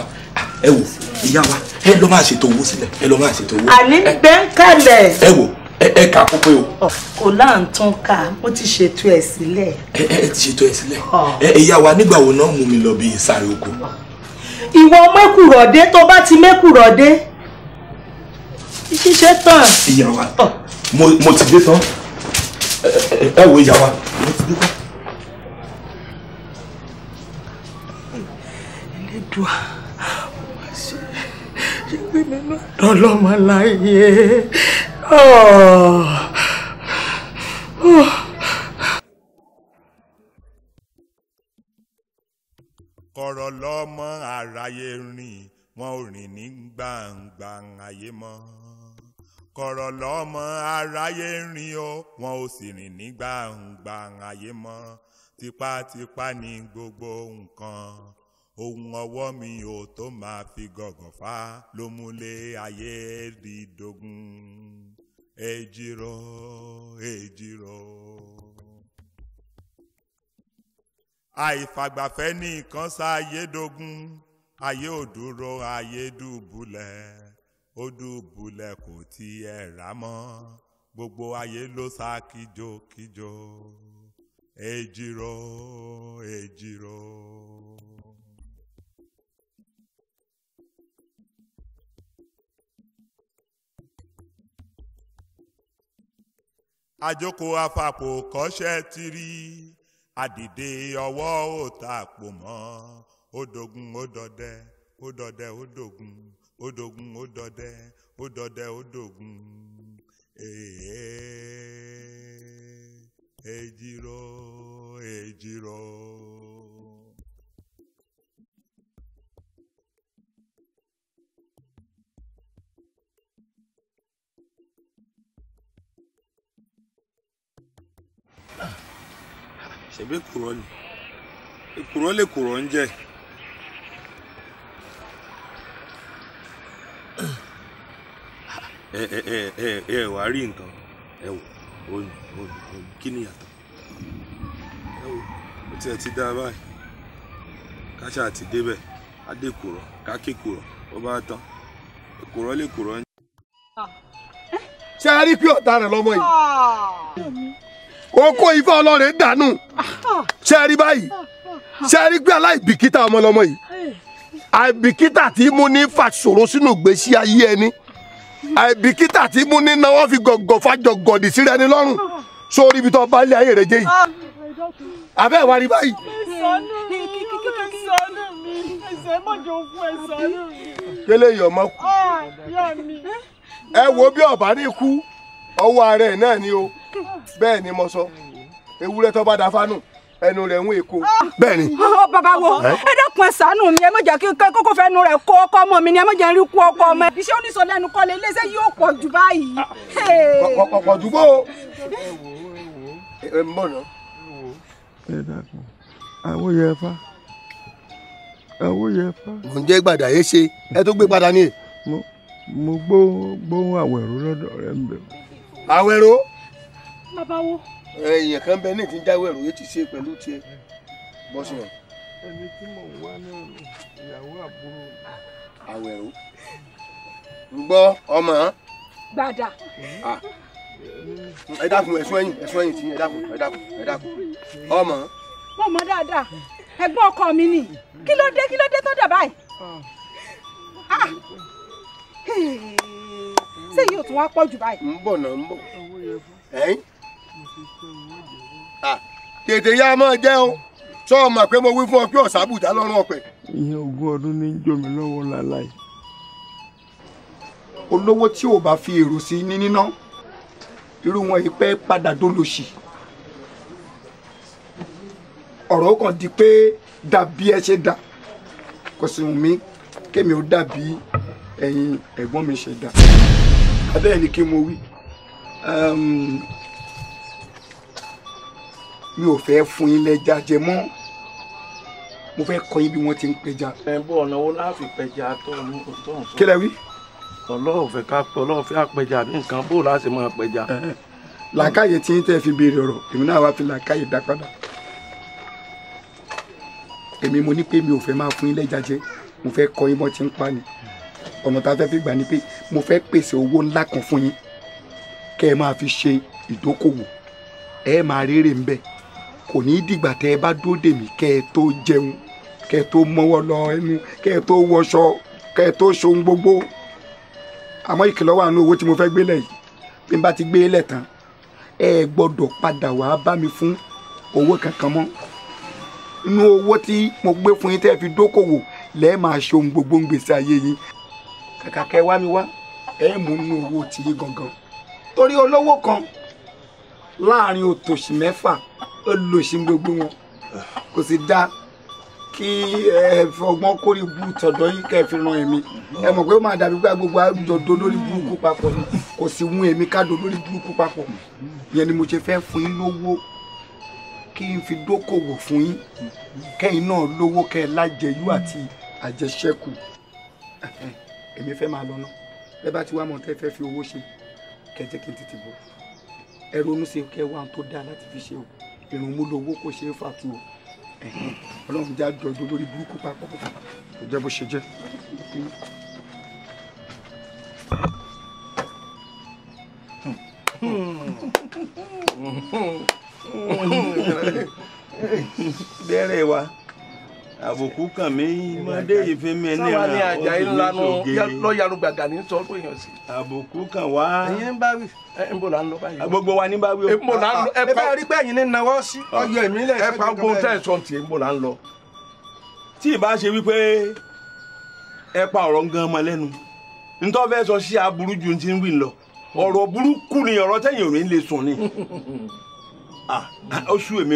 Speaker 2: ẹ wò ìyá wa ẹ lọ máa ṣètò owó sílẹ̀ ẹ lọ máa ṣètò owó. àní bẹ́ ń kalẹ̀. ẹ wò ẹ kà á pópé
Speaker 7: o. kò láǹtún ká ó ti ṣètò ẹ̀ sílẹ̀.
Speaker 2: ẹ ẹ ti ṣètò ẹ̀ sílẹ̀ ìyá wa nígbà wo náà mú mi lọ bí sáré oko.
Speaker 7: ìwọ mẹ́kùrọ̀dé tó bá ti mẹ́kùrọ̀dé ṣiṣẹ́
Speaker 2: tán. Ah, ìyá wa mo ti dé tán ẹ wo ìyá mo ti dé tán.
Speaker 3: ẹlẹ́dùá ṣe pé nínú àdán lọ́mọ láyé
Speaker 1: ah, ah. kọ̀rọ̀ lọ́mọ àráyé rìn wọn ò rìn ní gbangba ayé mọ́ kọ̀rọ̀ lọ́mọ aráyé rìn o wọn ò sì rìn ní gbàǹgbà ayé mọ́ tipátipá ní gbogbo nǹkan ohun ọwọ́ mi ò tó máa fi gọ̀gàn fá ló múlé ayé dídógún èjìrò èjìrò. àìfàgbàfẹ́ ní nǹkan sáyé dógún ayé ò dúró ayé dùbúlẹ̀. ó dùbúlẹ̀ kò tiẹ̀ rà mọ́ gbogbo ayé ló sá kíjokíjo èjìrò èjìrò. àjókòó afapò kọ́ṣẹ́ rí, àdìde ọwọ́ ò ta àpò mọ́ ó dogun ó dọdẹ ó dọdẹ ó dogun. ó dogun ó odogun ó dọdẹ ó dogun èjìrò èjìrò. ṣebí kùrọ̀ ni kùrọ̀ lè kùrọ̀ ń jẹ́. ẹ ẹ ẹ ẹ ẹ wà á rí nǹkan ẹ wò ó ní ó ní ó ní kí ni yàtọ̀ ẹ wò ó tiẹ̀ ti dá báyìí káṣá ti débẹ̀ adékùrọ̀ kákékùrọ̀ ó bá tán èkùrọ̀ lè kùrọ̀ ń.
Speaker 2: ṣé a rí pé ọ̀tá rẹ̀ lọ́mọ yìí oko ifá ọlọ́rẹ̀ dànù ṣé a rí báyìí ṣé a rí pé aláìbìkítà ọmọ lọ́mọ yìí àìbìkítà tí mo ní fàṣòro sínú ìgbésí ayé ẹni àìbìkítà tí mú níná wọn fi gọ̀gọ̀ fàjọgọ̀dì sí rẹni lọ́rùn sórí ibi tó bá lé ayé rẹ jẹ́ yìí abẹ́ ìwà rí báyìí. kélé yìí ọmọ kú ẹ wo bí ọba ní kú ọwọ́ ara ẹ̀ náà ni o bẹ́ẹ̀ ni mo sọ ewúrẹ́ tó bá da fánù ẹnu rẹ̀ ń èkó. Ah! bẹ́ẹ̀ni. Oh, oh, bàbá wo eh? ẹ dákun ẹ ṣàánú mi ẹ má jẹ́ kí
Speaker 4: kókó fẹ́ nu rẹ̀ kó ọkọ ọmọ mi ni ẹ má jẹ́ rí kú ọkọ ọmọ. iṣẹ́ oníṣọlẹ́nu kọ́lé iléeṣẹ́ yóò pọ̀ jù báyìí.
Speaker 3: Ah!
Speaker 2: pọ̀ jù bó ẹ ń bọ̀ ná.
Speaker 3: ẹ eh, dákun àwọn yẹ fa àwọn yẹ fa.
Speaker 2: mò ń jẹ́ gbàdá yé ṣe ẹ tó gbé padà ní. mo mo gbóhùn àwẹ̀rọ lọ́dọ̀ rẹ̀ ń bẹ̀. àwẹ̀rọ. bàbá wo èèyàn kan bẹ ní ìtí jáwé ẹ̀rọ yìí ti ṣe pẹ̀lú tiẹ̀ bọ́sùn. ẹni tí mò ń wá náà nù ìyàwó àbúrò. àwẹ̀rò ń gbọ́ ọmọ. gbàdà. ẹ dákun ẹ̀sùn ẹ̀yìn ẹ̀sùn ẹ̀yìn tí ẹ dákun ẹ dákun ẹ dákun
Speaker 6: ọmọ.
Speaker 4: mo mọ dáadáa ẹ̀gbọ́n ọkọ mi ni kí ló dé kí ló dé tó dà báyìí. ṣé yóò tún wá pọ̀
Speaker 2: jù báyìí. ń bọ̀ náà ń bọ̀ Ah, tètè yá máa jẹ́ o sọ ọ mà pé mo wí fún ọ pé ọ̀sàbùjá lọ́rùn ọ̀pẹ. ìyẹn ogún ọdún ní í jọ mí lọ́wọ́ láláì. olówó tí ò bá fi èrò sí ní níná irú wọn yìí pẹ́ padà dólòṣì ọ̀rọ̀ kan di pé dàbí ẹ ṣe dà kò sí wùn mí kémi ó dàbí ẹ̀yin ẹ̀gbọ́n mi ṣe dà abẹ́ẹ̀ ni kí mo wí mi ò fẹ́ fún yín lẹ́ja jẹ mọ́ mo fẹ́ kọ́ yín bí wọ́n ti ń pẹja. ẹ bọ ọ̀nà wo láà fi pẹja tó ń tó ń sọ. kí lẹ wí. ọlọ́run fẹ́ ká ọlọ́run fẹ́ àpẹja àbí nǹkan bó láà sì máa pẹja. làákàyè tí yín tẹ́ fi béèrè ọ̀rọ̀ èmi náà wá fi làákàyè dá padà. èmi mo ní pé mi ò fẹ́ máa fún yín lẹ́ja jẹ mo fẹ́ kọ́ yín bọ́n ti ń pa ni ọ̀nà tá a fẹ́ fi gbà ni pé mo fẹ́ pèsè owó ńlá kan fún yín kẹ́ ẹ máa fi ṣe ìdókòwò ẹ máa rérè ń bẹ́ẹ̀ kò ní í dìgbà tẹ́ ẹ bá dúró dè mí kẹ́ ẹ tó jẹun kẹ́ ẹ tó mọ́wọ́ lọ ẹnu kẹ́ ẹ tó wọṣọ kẹ́ ẹ tó ṣohun gbogbo àmọ́ ìkìlọ̀ wà nínú owó tí mo fẹ́ gbélẹ̀ yìí bí n bá ti gbé lẹ̀ tán ẹ gbọ́dọ̀ padà wá bá mi fún owó kankan mọ́ inú owó tí mo gbé fún yín tẹ́ ẹ fi dókòwò lẹ́ẹ̀ máa ṣohun gbogbo ń gbèsè ayé yín kàkà kẹ́ wá mi wá ẹ mú inú owó tiyín gangan torí olówó kan láàrin òtòṣì mẹ́fà olùsìn gbogbo wọn kò sì dáa kí ẹ fọgbọ́n kórè bú tọ̀dọ̀ yín kẹ́ ẹ fi ran èmi ẹ mọ̀ pé ó máa dàbí pé gbogbo àjọ do lórí burúkú papọ̀ kò sì wún èmi ká do lórí burúkú papọ̀ yẹn ni mo ṣe fẹ́ fún yín lówó kí n fi dókòwò fún yín kẹ́yìn náà lówó kẹ́ ẹ lájẹyú àti àjẹṣẹ́kù èmi fẹ́ máa lọ náà bẹ́ẹ̀ bá ti wá mọ̀ tẹ́ fẹ́ fi owó ṣe kẹ́jẹ́ kí n tètè bọ̀ ẹ ronú sí kẹ́ wá ohun tó dáa láti fi ṣe o irun mú lówó kó ṣe é fàtú o ọlọ́run já jọjọ lórí burúkú papọ̀ kò jẹ́ bó ṣe jẹ́. bẹ́ẹ̀rẹ̀ wa. àbùkù kàn mí mọdé fi mí ní ìran ó ní sọ pé èèyàn sí. àbùkù wa ní bá wí. ẹ ń bò ń lọ. ẹ bá rí ní nawọ́ sí. ọyọ èmi lẹ ṣe ẹ pa ẹ sọ ń bò ń lọ. tí ì bá ṣe wípé ẹ pa ọ̀rọ̀ gan ọmọ lẹ́nu ntọ́ fẹ́ sọ sí aburú ju ti ń ni ọ̀rọ̀ tẹ́yìn lè sùn ni (laughs) ah, ó sú èmi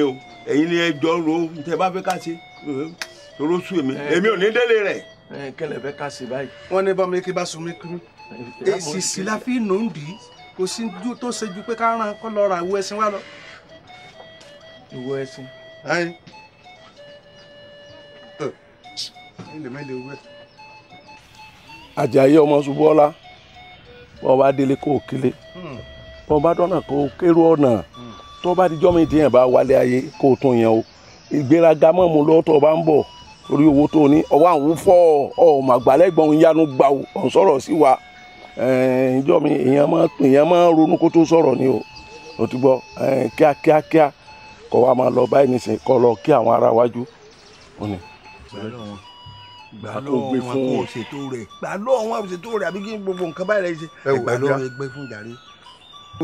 Speaker 2: ni ẹ jọ ro lóró sùn èmi eh, èmi ò ní délé rẹ̀. Eh, kẹlẹ bẹ ká sí báyìí. wọn ní bọmọ ike bá sun mí kiri. èsì sí la fi nù ń dì í kò sí ju tó ṣe ju pé ká ràn kọ́ lọ ra ìwọ ẹṣin wa lọ. ìwọ ẹṣin. ayi eh, ilé mẹ́lẹ̀ owó ẹ̀. ọmọ Ṣubúọlá bọ́ bá délé kó o kélé hmm. bọ́ bá dọ́nà kó o kérò ọ̀nà hmm. tó bá dijọ́ mi dìyàn bá wálé ayé kó o tún yẹn o ìgbéraga mọ́ mu lọ́tọ̀ bá ń bọ̀ orí owó tó ní ọwọ́ àwọn fọ́ ọmọ àgbàlẹ́gbọ̀n yanu gbà ọ̀ sọ̀rọ̀ sí wa ìjọ mi èèyàn máa ronú kó tó sọ̀rọ̀ ni o ò kíákíákíá kọ́ wa máa lọ báyìí nìsín kọ́ lọ kí àwọn ará wájú.
Speaker 3: gbà wọn kó
Speaker 2: ṣètò rẹ̀ gbà wọn kó ṣètò rẹ̀ àbí kí gbogbo nǹkan báyìí rẹ̀ ṣe gbà lọ́wọ́ ẹgbẹ́ fún jàre.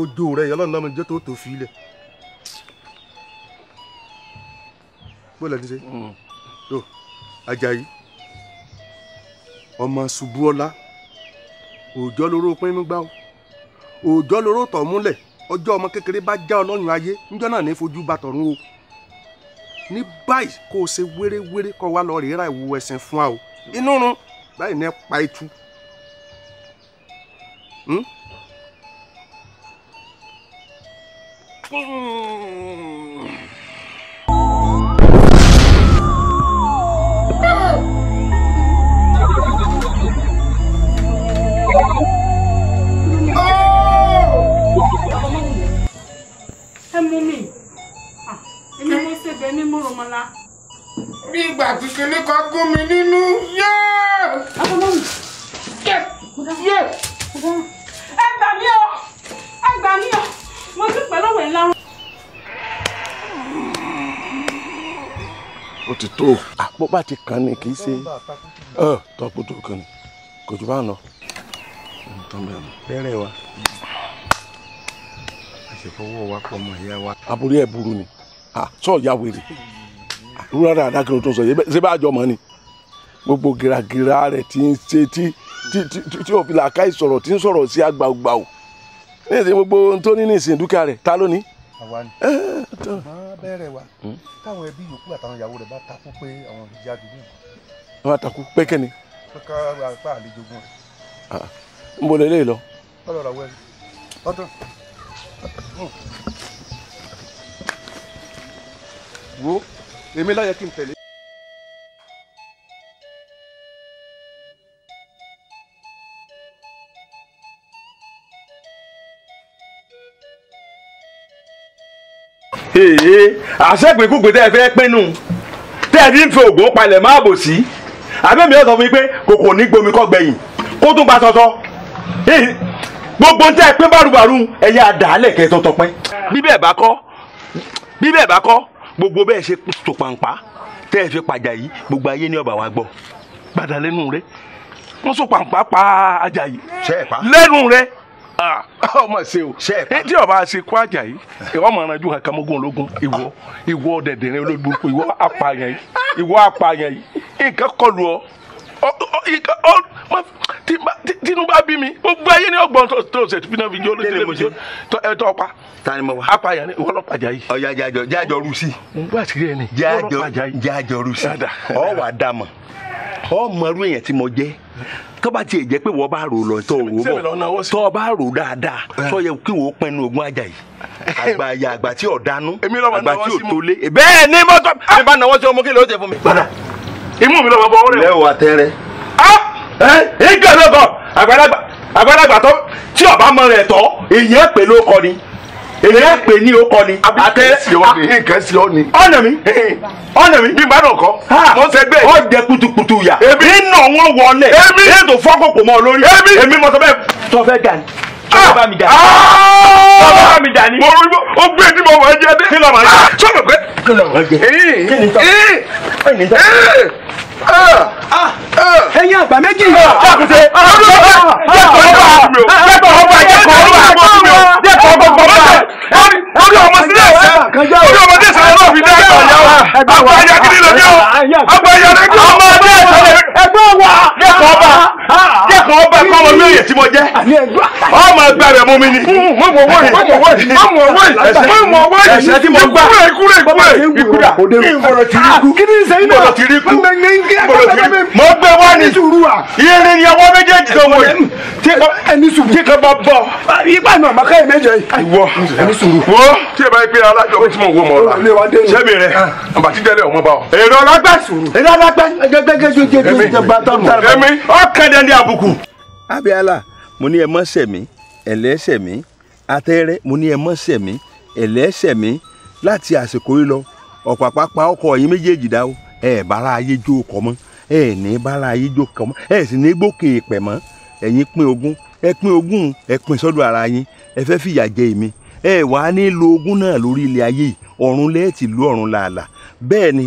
Speaker 2: ojú rẹ yọlọ náà mi jẹ tó tó fi ilẹ̀ bó lẹ ṣe. Hmm. ajayi ọmọ ṣubú ọlá loro lóró pínrín gbá o òòjọ́ lóró tọ̀ múlẹ̀ ọjọ́ ọmọ kékeré bá já ọlọ́run ayé níjọ́ náà ní fojú bá o ní báyìí kó o ṣe wérewére kó wa lọ rèé ra ìwú ẹsẹ̀ fún wa o inú run báyìí ní ẹ pa etu. Hmm?
Speaker 3: hmm.
Speaker 7: bẹ ní múrùmọ́lá. bí ìgbà tí kinní kan gún mi nínú yóò.
Speaker 4: abọ́mọ́mù. yé ẹ gbà mí o ẹ gbà mí o mo ti pẹ́ lọ́wọ́ ẹ̀ lárùn.
Speaker 2: ó ti tó àpò bá ti kàn ní kì í ṣe ẹ tọpọ kàn ní kò jù bá ń lọ. bẹ́rẹ̀ wa àṣepọ̀wọ́ wa pọ̀ mọ́ ìyá wa. aburú ẹ̀ burú ni sọ ya wèrè rúra rẹ àdákìlọ tó sọ yẹ ṣé bá jọ mọ ni gbogbo giragira rẹ ti ń ṣe tí tí òfin làákàyè sọ̀rọ̀ tí ń sọ̀rọ̀ sí agbàgbà o ní ìsìn gbogbo tó ní ní ìsìn dúkìá rẹ ta ló ní.
Speaker 6: àwa ni àmọ́ bẹ́ẹ̀rẹ̀ wa
Speaker 2: táwọn ẹbí yòókù àtàwọn ìyàwó rẹ̀ bá takú pé àwọn ìjà àdúgbò. wọ́n á takú pé kẹ́ni. pé ká apá àlejò gun n bolo eléyìí lọ. ọlọ́rọ̀ wẹ́ẹ̀ ọdún wo èmi ló yẹ kí n tẹ̀lé.
Speaker 6: àṣẹ́pẹ̀kúgbè
Speaker 2: tẹ́ ẹ fẹ́ pinnu tẹ́ ẹ fi ń fi oògùn palẹ̀ máa bò sí àbẹ́mi yóò sọ fún mi pé kòkò ní gbomi kọ́ gbẹ̀yìn kó tún gba tọ́tọ́ gbogbo tẹ́ ẹ pín bárùbárù ẹ̀yà àdáálẹ̀ kẹ́ tọ́tọ́ pẹ́. bí bẹ́ẹ̀ bá kọ́ bí bẹ́ẹ̀ bá kọ́ gbogbo bẹ́ẹ̀ ṣe tò pàǹpá tẹ́ ẹ fi pàjà yìí gbogbo ayé ní ọba wa gbọ́ padà lẹ́nu rẹ wọ́n so pàǹpá pa Àjàyí lẹ́nu rẹ ah, ọmọ ṣe o tí ọba ṣe kó Àjàyí ìwọ ọmọ ọ̀rànjú kankan mọ́gún ológun ìwọ ìwọ dẹ̀dẹ̀rẹ̀ ológun ìwọ apààyàn yìí ìwọ apààyàn yìí nǹkan kọlù ọ tinubu abi mi gbogbo ayé ni ọgbọ́n tó ṣe tí fúnà fi jó lóṣèlú ẹ tọ́ pa apàyàn ni wọlọ́pàá yìí. ọ̀ya jájọ jájọ rusi. n bá sigi ẹni wọlọ́pàá yìí. jájọ rusi ọ wà dà mọ ọ mọrú èèyàn tí mo jẹ tó bá tiẹ̀ jẹ́ pé wọ́n bá rò lọ tó rò bọ̀ tó bá rò dáadáa eh. tó yẹ kí wọ́n pinnu ogun ajá yìí eh. àgbà àyà àgbà tí ò dánú àgbà tí ò tó lé bẹ́ẹ̀ ni mọ́tò ah! mi bá náwó sí ọmọ kí ló ṣe fún mi imú mi ló máa bọ ọrẹ. lẹ́wọ̀ àtẹ́rẹ́. ẹ ẹ gẹ̀rẹ́ bọ̀ àgbàlagbà àgbàlagbà tó tí ọba mọ rẹ̀ tọ́ èyàn pè ló kọ ni èyàn pè ní ó kọ ni. àtẹ́rẹ́ nǹkan sí ọ ni. ọ̀nà mi ọ̀nà mi. bí n bá nà kọ́ mo ṣe gbé. ọ jẹ kutukutu yà. Ebi nà wọn wọlé. èmi ètò fọ́kùnkùn mọ́ lórí. èmi èmi mọ sọ bẹ́ẹ̀ sọ fẹ́ sọ ah! bá mi dà ní. sọ ah! bá mi dà ní. mo rúbọ o gbé tí mo wọ ẹ jẹ dé. kí ló máa ń jẹ. sọ ma pé. kí ló máa ń jẹ. kí ni tọ́. Eh! kí ni tọ́. Eh! ẹ̀yin
Speaker 3: àgbà méjì yìí. jákùté jẹ́kọ̀ọ́ ọba mi o jẹ́kọ̀ọ́ ọba jẹ́kọ̀ọ́ ọba ọmọ mi o jẹ́kọ̀ọ́ ọba ọmọ mi o orí ọmọ sílẹ̀ ẹ̀sẹ̀ orí ọmọ sílẹ̀ ẹ̀sẹ̀ náà fi dá ẹ̀gbọ́n yà wá àgbà ayé akíní lọ jẹ́ o àgbà ayé akíní lọ máa dé ẹ̀sẹ̀ ẹ̀gbọ́n wa
Speaker 2: jẹ́kọ̀ọ́ ọba jẹ́kọ̀ọ́ ọba kọ́ ọmọ lóye tí mo jẹ́ ọmọ ẹgbẹ́ rẹ̀ mú mi ni. mọ̀mọ̀ wọ̀nyí mọ̀mọ̀ wọ̀nyí mọ̀mọ̀ wọ̀nyí ẹ̀sẹ̀ tí mo gbà ikú rẹ̀ ikú rẹ̀ ikú rẹ̀ ikú rẹ̀ irin ni àwọn méjèèjì tó wọ tí ẹni sùúrù tí kan bá bọ. ipa ìmọ̀ àmọ́ káyọ̀ mẹ́jọ yìí. ìwọ ẹni sùúrù. wo tí ẹ bá yẹ pé alájọ pé tí mo wọ mọ ọla sẹbi rẹ àbàtí tẹlẹ ọmọ bá ọ. èrò lágbà sùúrù. èrò lágbà gẹgẹgẹ ju jẹ ju jẹ bá tọ́ mọ. èmi ọ̀kẹ́dẹ̀ ní àbùkù. abiyala mo ní ẹ mọ sẹmi ẹlẹsẹ mi atẹrẹ mo ní ẹ mọ sẹmi ẹlẹsẹ mi láti àsìkò yìí lọ ọ̀pàpàpà ọkọ̀ yìí méjèèjì dá o ẹ bára ayé jó kọ́ mọ́ ẹ ní bára yín jókòó mọ́ ẹ sì ní gbókè ìpẹ̀ mọ́ ẹ̀yin pín ogún ẹ pín ogún ẹ pín sọ́dọ̀ ara yín ẹ fẹ́ fìyà jẹ èmi ẹ wà á ní lo ogún náà lórí ilé ayé yìí ọ̀run lẹ́ẹ̀tì ló ọ̀run làálà bẹ́ẹ̀ ni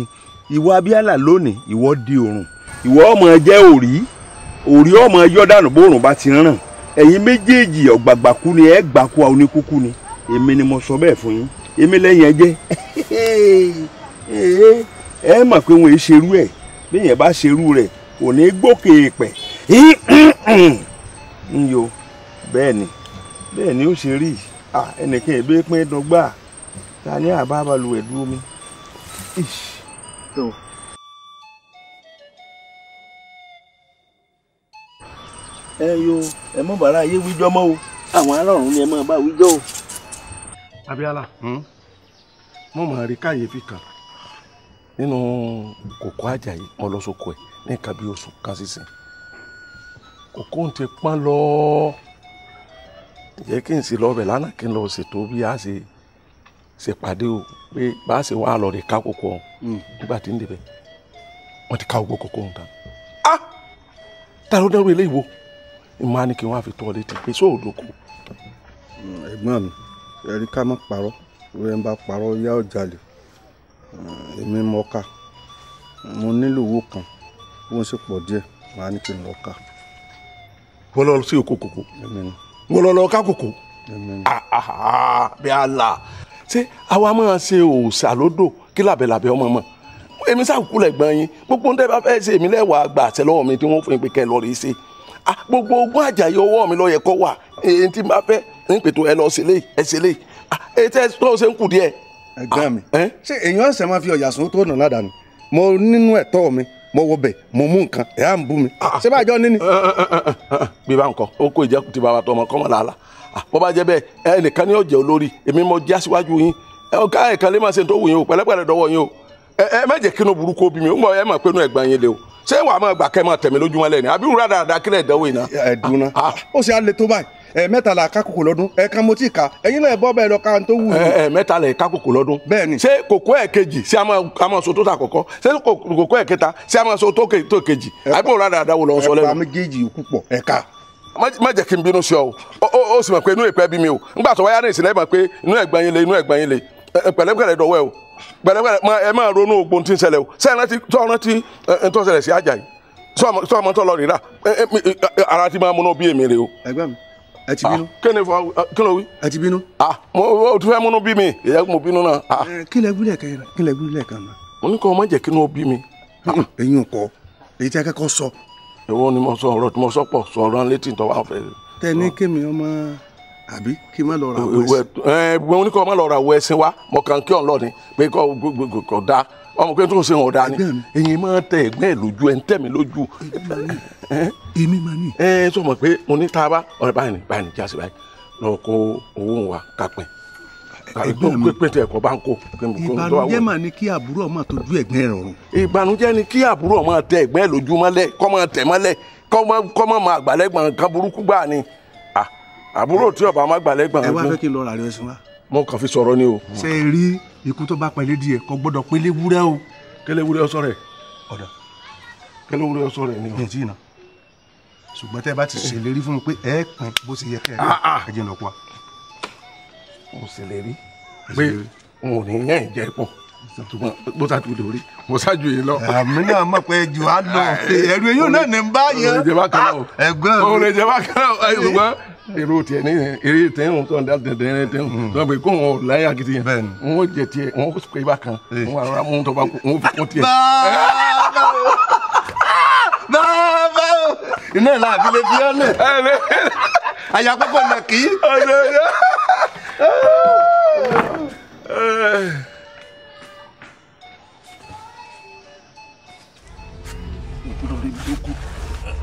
Speaker 2: ìwọ abíálà lónìí ìwọ di òrùn ìwọ ọmọ jẹ́ òrí òrí ọmọ yọ̀dànù bóòrùn bá ti ràn ẹ̀yin méjèèjì ọ̀gbàgbàkú ni ẹ gbàkú oníkúkú ni èmi ni mo sọ bẹ́ẹ̀ fún yín èmi lẹ́yìn ẹ jẹ́ (laughs) ẹ mọ̀ pé wọn ò ṣerú ẹ̀ bíyẹn bá ṣerú rẹ̀ kò ní gbókè pẹ̀ ń (coughs) yo bẹ́ẹ̀ ni bẹ́ẹ̀ ni ó ṣe rí ẹnìkan ìbí pín dọ́gba ta ní àbábalùwẹ̀ dúró mi. ẹ yo ẹ mọ bàrà ayé wíjọ mọ o àwọn alọrun ni ẹ mọ bá wíjọ o. abíálà hmm? mo mọ̀ rí kàyéfì kan nínú kòkó Àjàyí mo lọ sóko ẹ̀ ní nǹkan bí oṣù kan sísìn kòkó ń ti pọ́n lọ jẹ́ kí n sì lọ bẹ̀ lánàá kí n lọ ṣètò bí a ṣe ṣèpàdé o pé bá a ṣe wá lọ rè ká kòkó ọ hmm. nígbà tí ń débẹ̀ wọ́n ti ká gbogbo kòkó ọ̀hún tán a tààrọ dẹrù eléyìí wo ìmọ̀ ni kí wọ́n á fi tọ́ ọ létí pé sóò lóko. Hmm, ẹ̀gbọ́n mi ẹ̀rí ká má parọ́ rẹ̀ ń bá parọ́ yá ọ̀jalè èmi mọ ká mo nílò owó kan owó ń ṣe pọ̀ díẹ̀ màá ní kí n lọ ká. wọ́n lọ sí oko kòkó wọ́n lọ lọ ká kòkó ah, ah, ah, bí ala ṣé àwa máa ṣe òòṣà lódò kí làbẹ̀làbẹ̀ ọmọ mọ̀ èmi sàkúlẹ̀ gbọ́n yín gbogbo ń tẹ́ bá fẹ́ ṣe èmi lẹ́wàá gbà àṣẹ lọ́wọ́ mi tí wọ́n fún mi pé kẹ́ ẹ lọ rí ṣe gbogbo ogún àjàyè ọwọ́ mi lọ́yẹ̀ kọ́ wà èyí tí n bá fẹ́ ń pètò ẹ lọ ṣe lé ẹ ṣe lé èyí tẹ́ tó ṣe ń kù díẹ̀ ẹ̀gbọ́n mi ah, eh? ṣé èèyàn ẹsẹ máa fi ọyà sùn tó nà ládàá ni mo nínú ẹ̀tọ́ mi mo wo bẹ mo mú nǹkan ẹ à ń bú mi ah, ah, ṣé bàjọ́ níní. Eh, eh, bí bá ń kọ ó kó ìjẹ́ ti bàbá tọmọ kọ́mọ làálà bó bá jẹ́ bẹ́ẹ̀ ẹnìkan ni yóò jẹ́ olórí èmi mo jẹ́ aṣíwájú yín ọ̀gá ẹ̀kan lè máa ṣe tó wù yín o pẹ̀lẹ́pẹ̀lẹ́ dọ́wọ́ yín o ẹ má jẹ́ kínú burúkú bí mi ó mọ ẹ má pé inú ẹ̀gbọ́n yín le o ṣé wàá máa gbà kẹ́ máa tẹ̀mí lójúmọ́ lẹ́ni àbí wúrà dáadáa kílẹ̀ ìdánwò yìí náà. ẹ̀dùn náà ó ṣe á le tó báyìí Eh, mẹ́tàlá kákòkò lọ́dún ẹ̀ẹ̀kan eh, mo ti na ẹ̀yin náà ẹ̀ lọ tó wù. ẹ mẹ́tàlá ẹ̀ se lọ́dún. kòkó ta kẹta so lọ́wọ́ pa má jẹ́ kí n bínú sí ọ o sì mọ̀ pé inú ìpẹ́ bí mi o wáyà ní ìsìnlẹ̀ mọ̀ pé inú le inú le pẹ̀lẹ́pẹ̀lẹ́ dọ̀wọ́ ẹ o pẹ̀lẹ́pẹ̀lẹ́ ẹ máa ronú o sẹ́yìn rántí tó rántí tó ṣẹlẹ̀ sí lọ rírà ara ti máa múná bí o. mi ẹ ti bínú. Ah, kí ni fọ eh, kí ló wí. ẹ ti bínú. Ah, mo o tún fẹ́ múnú bí mi ìyá mo bínú náà. Ah. Eh,
Speaker 6: kí lẹ gbúlẹ̀ kan kí lẹ gbúlẹ̀
Speaker 2: kan náà. mo ní kọ́ ọ má jẹ́ kí ni o bí mi. eyín kọ èyí tí akẹ́kọ̀ọ́ sọ. ìwọ ni mo sọ ọ̀rọ̀ tí mo sọ pọ̀ sọ ọ̀rọ̀ létí tó bá fẹ́. tẹni kémi ọmọ àbí kí má lọ ra wẹsẹ. ẹ mo ní kọ́ ọ má lọ ra wẹsẹ wa mo kàn kí ọ̀ ọmọ pé tó ń ṣe hàn ọ̀dà ni èyí máa tẹ ẹ̀gbẹ́ ẹ̀ lójú ẹ̀ ń tẹ̀ mí lójú. èmi máa ní. ẹ ẹ sọ ma pé mo ní tá a báyìí ní báyìí ní jáde báyìí lọ kó owó wa kápẹ́ pẹpẹtẹ ẹkọ bá ń kó. ìbànújẹ́ mà ni kí àbúrò ọmọ tójú ẹ̀gbẹ́ rẹ̀ ọ̀run. ìbànújẹ́ ni kí àbúrò ọmọ tẹ ẹ̀gbẹ́ lójú mọ́lẹ̀ kọ́ máa tẹ̀ mọ́lẹ̀ kọ́ máa máa gbàlẹ́gbọ̀n kan burúkú gbà ni àbúrò tí ọba máa gbàlẹ́gbọ̀n. ẹ wá fẹ́ kí n lọ rà mo kàn fi sọ̀rọ̀ ni o. ṣe é rí ikú tó bá pẹ̀lẹ́ díẹ̀ kò gbọ́dọ̀ pẹ̀lẹ́ wúrẹ́ o. kẹlẹ́ wúrẹ́ ọsọ rẹ̀ ọ̀dà kẹlẹ́ wúrẹ́ ọsọ rẹ̀ ni o. ẹ̀jì náà ṣùgbọ́n tẹ́ bá ti ṣèlérí fún mi pé ẹ pin bó ṣe yẹ kẹ́ ẹ ah, ah. ẹ̀jẹ̀ lọ́pọ̀ wa. mo ṣèlérí pé n ò ní yẹn jẹ pọ̀ bó ta tu lórí mo ṣáájú yìí lọ. àmì náà mọ̀ pé jù á lọ (laughs) ẹ̀rù eyín náà ní bá ah, ẹ̀gbọ́n mi. òun lè jẹ́ bá kan náà èrò tiẹ̀ ní eré tẹ̀hún tó ń da dẹ̀dẹ̀rẹ̀ tẹ̀hún tó ń pè kó wọn ò láyé àgìtì yẹn wọn ò jẹ tiẹ̀ wọn ò pè bá kan wọn eh. àwọn amú tó bá kú wọn ò fi kún tiẹ̀.
Speaker 3: bàbá
Speaker 2: iná ìlà àbílẹ̀ fi ọ́ àyà púpọ̀ nà kí.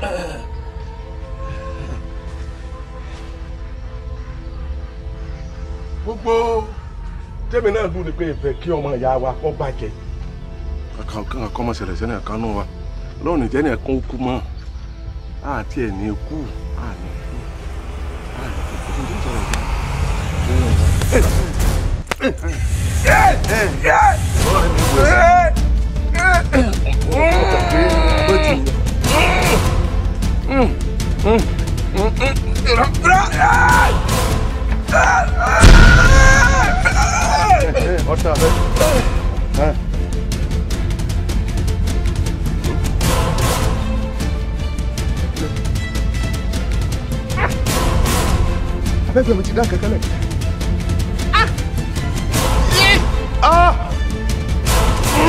Speaker 2: Uh... gbogbo tèmi náà dùn pé ìfẹ́ kí ọmọ ìyá wa kọ́ bàjẹ́. kankan kọ́ mọ̀ ṣẹlẹ̀ sẹ́ni àkànnú wa lọ́rùn ìjẹ́ ni ẹ̀kún kú mọ́ àti ẹ̀ ní kú àní kú àní kú kò ní sọ̀rọ̀
Speaker 3: ìjẹ́. Mm. Mm. Mm. Mm. Mm. Mm. Mm. Watch out. Hey.
Speaker 2: I bet you're going to get it.
Speaker 3: Ah! Yeah! Ah! Oh.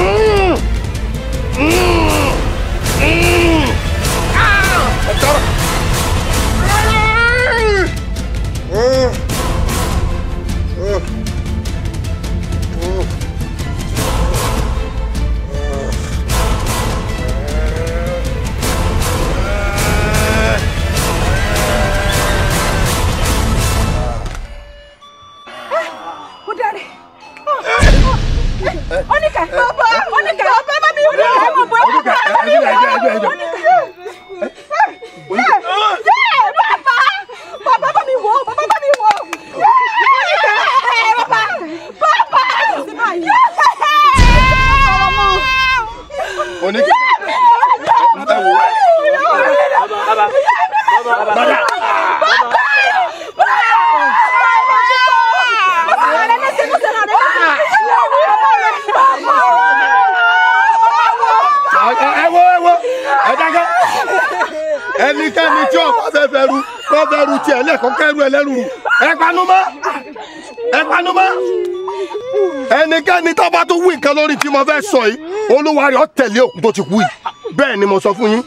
Speaker 2: ẹ sọ yìí olúwa rẹ̀ ọ tẹ̀lé òkú tó ti kú yìí bẹ́ẹ̀ ni mo sọ fún yín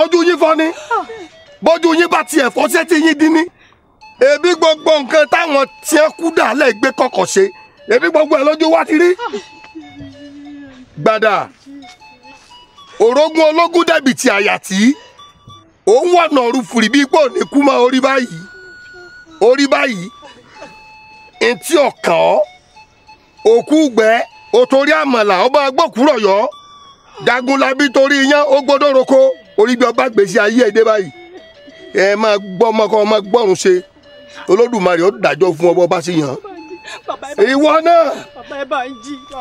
Speaker 2: ojú yín fọ́ ni bójú yín bá tiẹ̀ fọ́ sétí yín dín ní ebi gbogbo nǹkan táwọn tiẹ̀ kú dàlẹ́ gbé kọ̀kọ̀ ṣe ebi gbogbo ẹ̀ lójú wá ti rí gbàdà òrógùn ológun dẹ̀bi ti àyàtì òun wọ̀nà ọ̀run fùrì bí ipò ní kú mọ́ orí báyìí orí báyìí etí ọ̀kàn òkú gbẹ́ ó torí àmàlà ọba agbókùrọ̀ yọ Jagunlabi torí iyán ó gbọ́dọ̀ roko orí bí ọba gbèsè ayé ẹ̀ dé báyìí ẹ máa gbọ́ ọmọ kan máa gbọ́rùn ṣe olódùmarè ó dájọ́ fún ọba ọba sí yàn
Speaker 6: ìwọ náà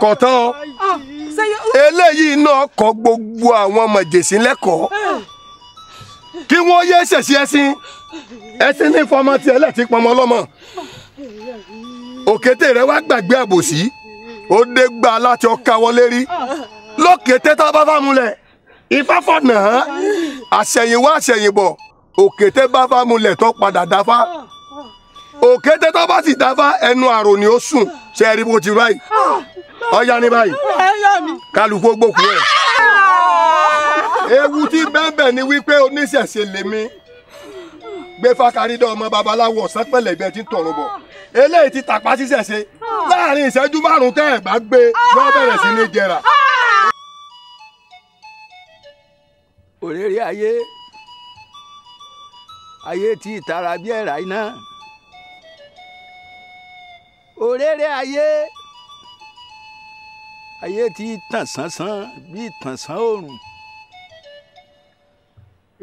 Speaker 6: kọ̀tán ọ eléyìí náà
Speaker 2: kọ́ gbogbo àwọn mọ̀jèsín lẹ́kọ̀ọ́ kí wọ́n yé ṣèṣì ẹṣin ẹṣin ní fọmọ tiẹ̀ lẹ́ẹ̀tì pọmọ ọlọ́mọ òkété rẹ wá gbàgbé àbòsí ó dé gbà láti ọkà wọlé rí ah. lókè tẹ́tà bá fàmúlẹ̀ ìfáfọ̀nà àṣẹ̀yìnwá àṣẹ̀yìnbọ̀ òkété bá fàmúlẹ̀ tó padà dáfá ah. òkété tó bá sì dáfá ẹnu àrò ni ó sùn ṣe é rí bó ti báyìí ọyá ah. ní báyìí kálukú gbòkú ẹ̀ ewu tí bẹ́ẹ̀bẹ̀ ni wípé oníṣẹ̀ṣe lèmi gbé fákárídọ́ ọmọ babaláwo ọ̀sán pẹ̀lẹ́gbẹ́ ti ń tọ̀rọ̀ bọ̀ eléyìí ti tàpá síṣẹ̀ṣe láàrin ìṣẹ́jú márùn-ún tẹ́ ẹ̀ bá gbé yọ bẹ̀rẹ̀ sí ní jẹrà. òrèrè ayé ayé tí ìtara bí ẹ̀rà iná òrèrè ayé ayé tí tàn sánsán bí tànsán òrùn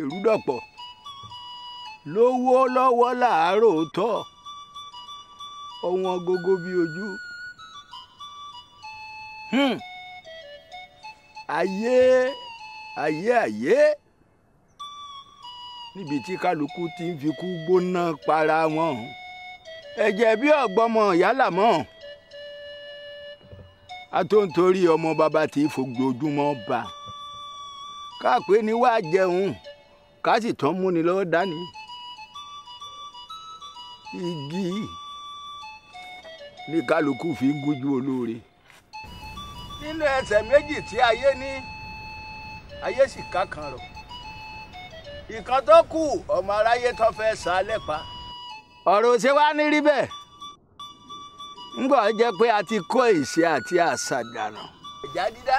Speaker 2: èrúdọ̀pọ̀ lówó lọ́wọ́ làárọ̀ tọ́ ọ̀wọ́n gógó bí ojú. Hmm. ayé ayé ayé níbi tí kálukú ti ń fi kú gbóná para wọn ẹ̀jẹ̀ bí ọ̀gbọ́mọ yálà mọ́ atóńtorí ọmọ bàbá tí fojoojúmọ́ bá káàpé ni wàá jẹun ká sì tán múni lọ́wọ́ dání igi ni kálukú fi ń gúnjú olóore nílé ẹsẹ̀ méjì tí ayé ní ayé sì ká kan rọ̀ ìkan tó kù ọmọ aráyé tó fẹ́ sá lẹ́pa ọ̀rọ̀ ṣe wá ní rí bẹ́ẹ̀ ńgbọ́ jẹ́ pé a ti kó ìṣe àti àṣà dànù. ìjà dídá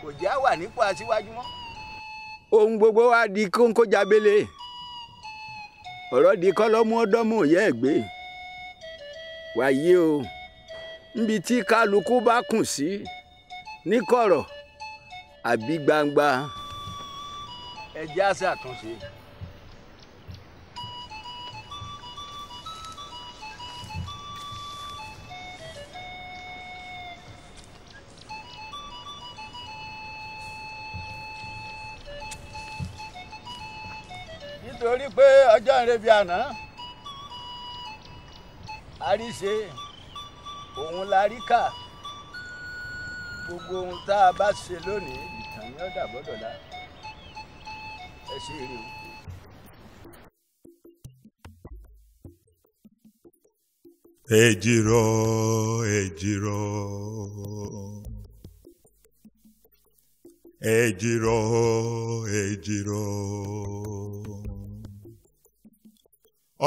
Speaker 2: kò já wà nípò aṣíwájú mọ́. ohun gbogbo wa di kóńkó jábélé ọ̀rọ̀ di kọ́lọ́mú ọdọ́mú òye ẹ̀ gbé wàyí o níbi tí kálukú bá kùn sí níkọ̀rọ̀ àbí gbangba ẹ jẹ́ àṣà àtúnṣe. nítorí pé ọjọ́ ìrẹ́bí àná àríṣe òun la rí kà gbogbo ohun tá a bá ṣe lónìí ìtàn ni ó dàbọ̀dọ̀ la ẹ ṣe eré o.
Speaker 1: Ejiro, Ejiro, Ejiro, Ejiro.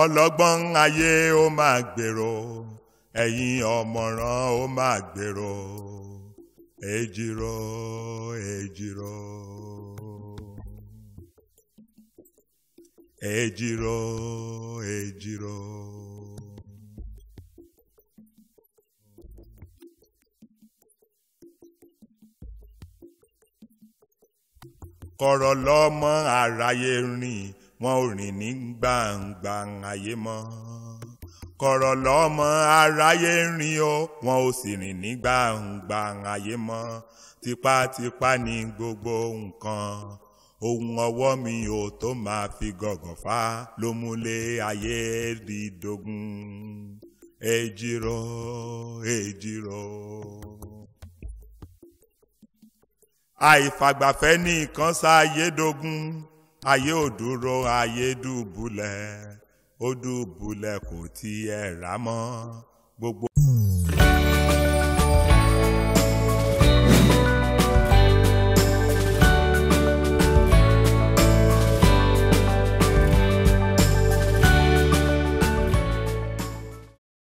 Speaker 1: Ọlọ́gbọ́n ayé ó máa gbèrò. ẹ̀yin ọ̀mọ̀ràn ó máa gbèrò èjìrò èjìrò èjìrò èjìrò. kọ̀rọ̀ lọ́mọ àráyé rìn wọn ò rìn ní gbangba ayé mọ́. kọ̀rọ̀ lọ́mọ aráyé ń rìn o wọn ò sì rìn ní gbàǹgbà ayé mọ́ tipátipá ní gbogbo nǹkan ohun ọwọ́ mi ò tó máa fi gọ̀gàn fá ló múlé ayé dídógún èjìrò èjìrò. àìfàgbàfẹ́ ní nǹkan sáyé dógún ayé ò dúró ayé dùbúlẹ̀ ó dùbúlẹ̀ kò tiẹ̀ rà mọ́ gbogbo.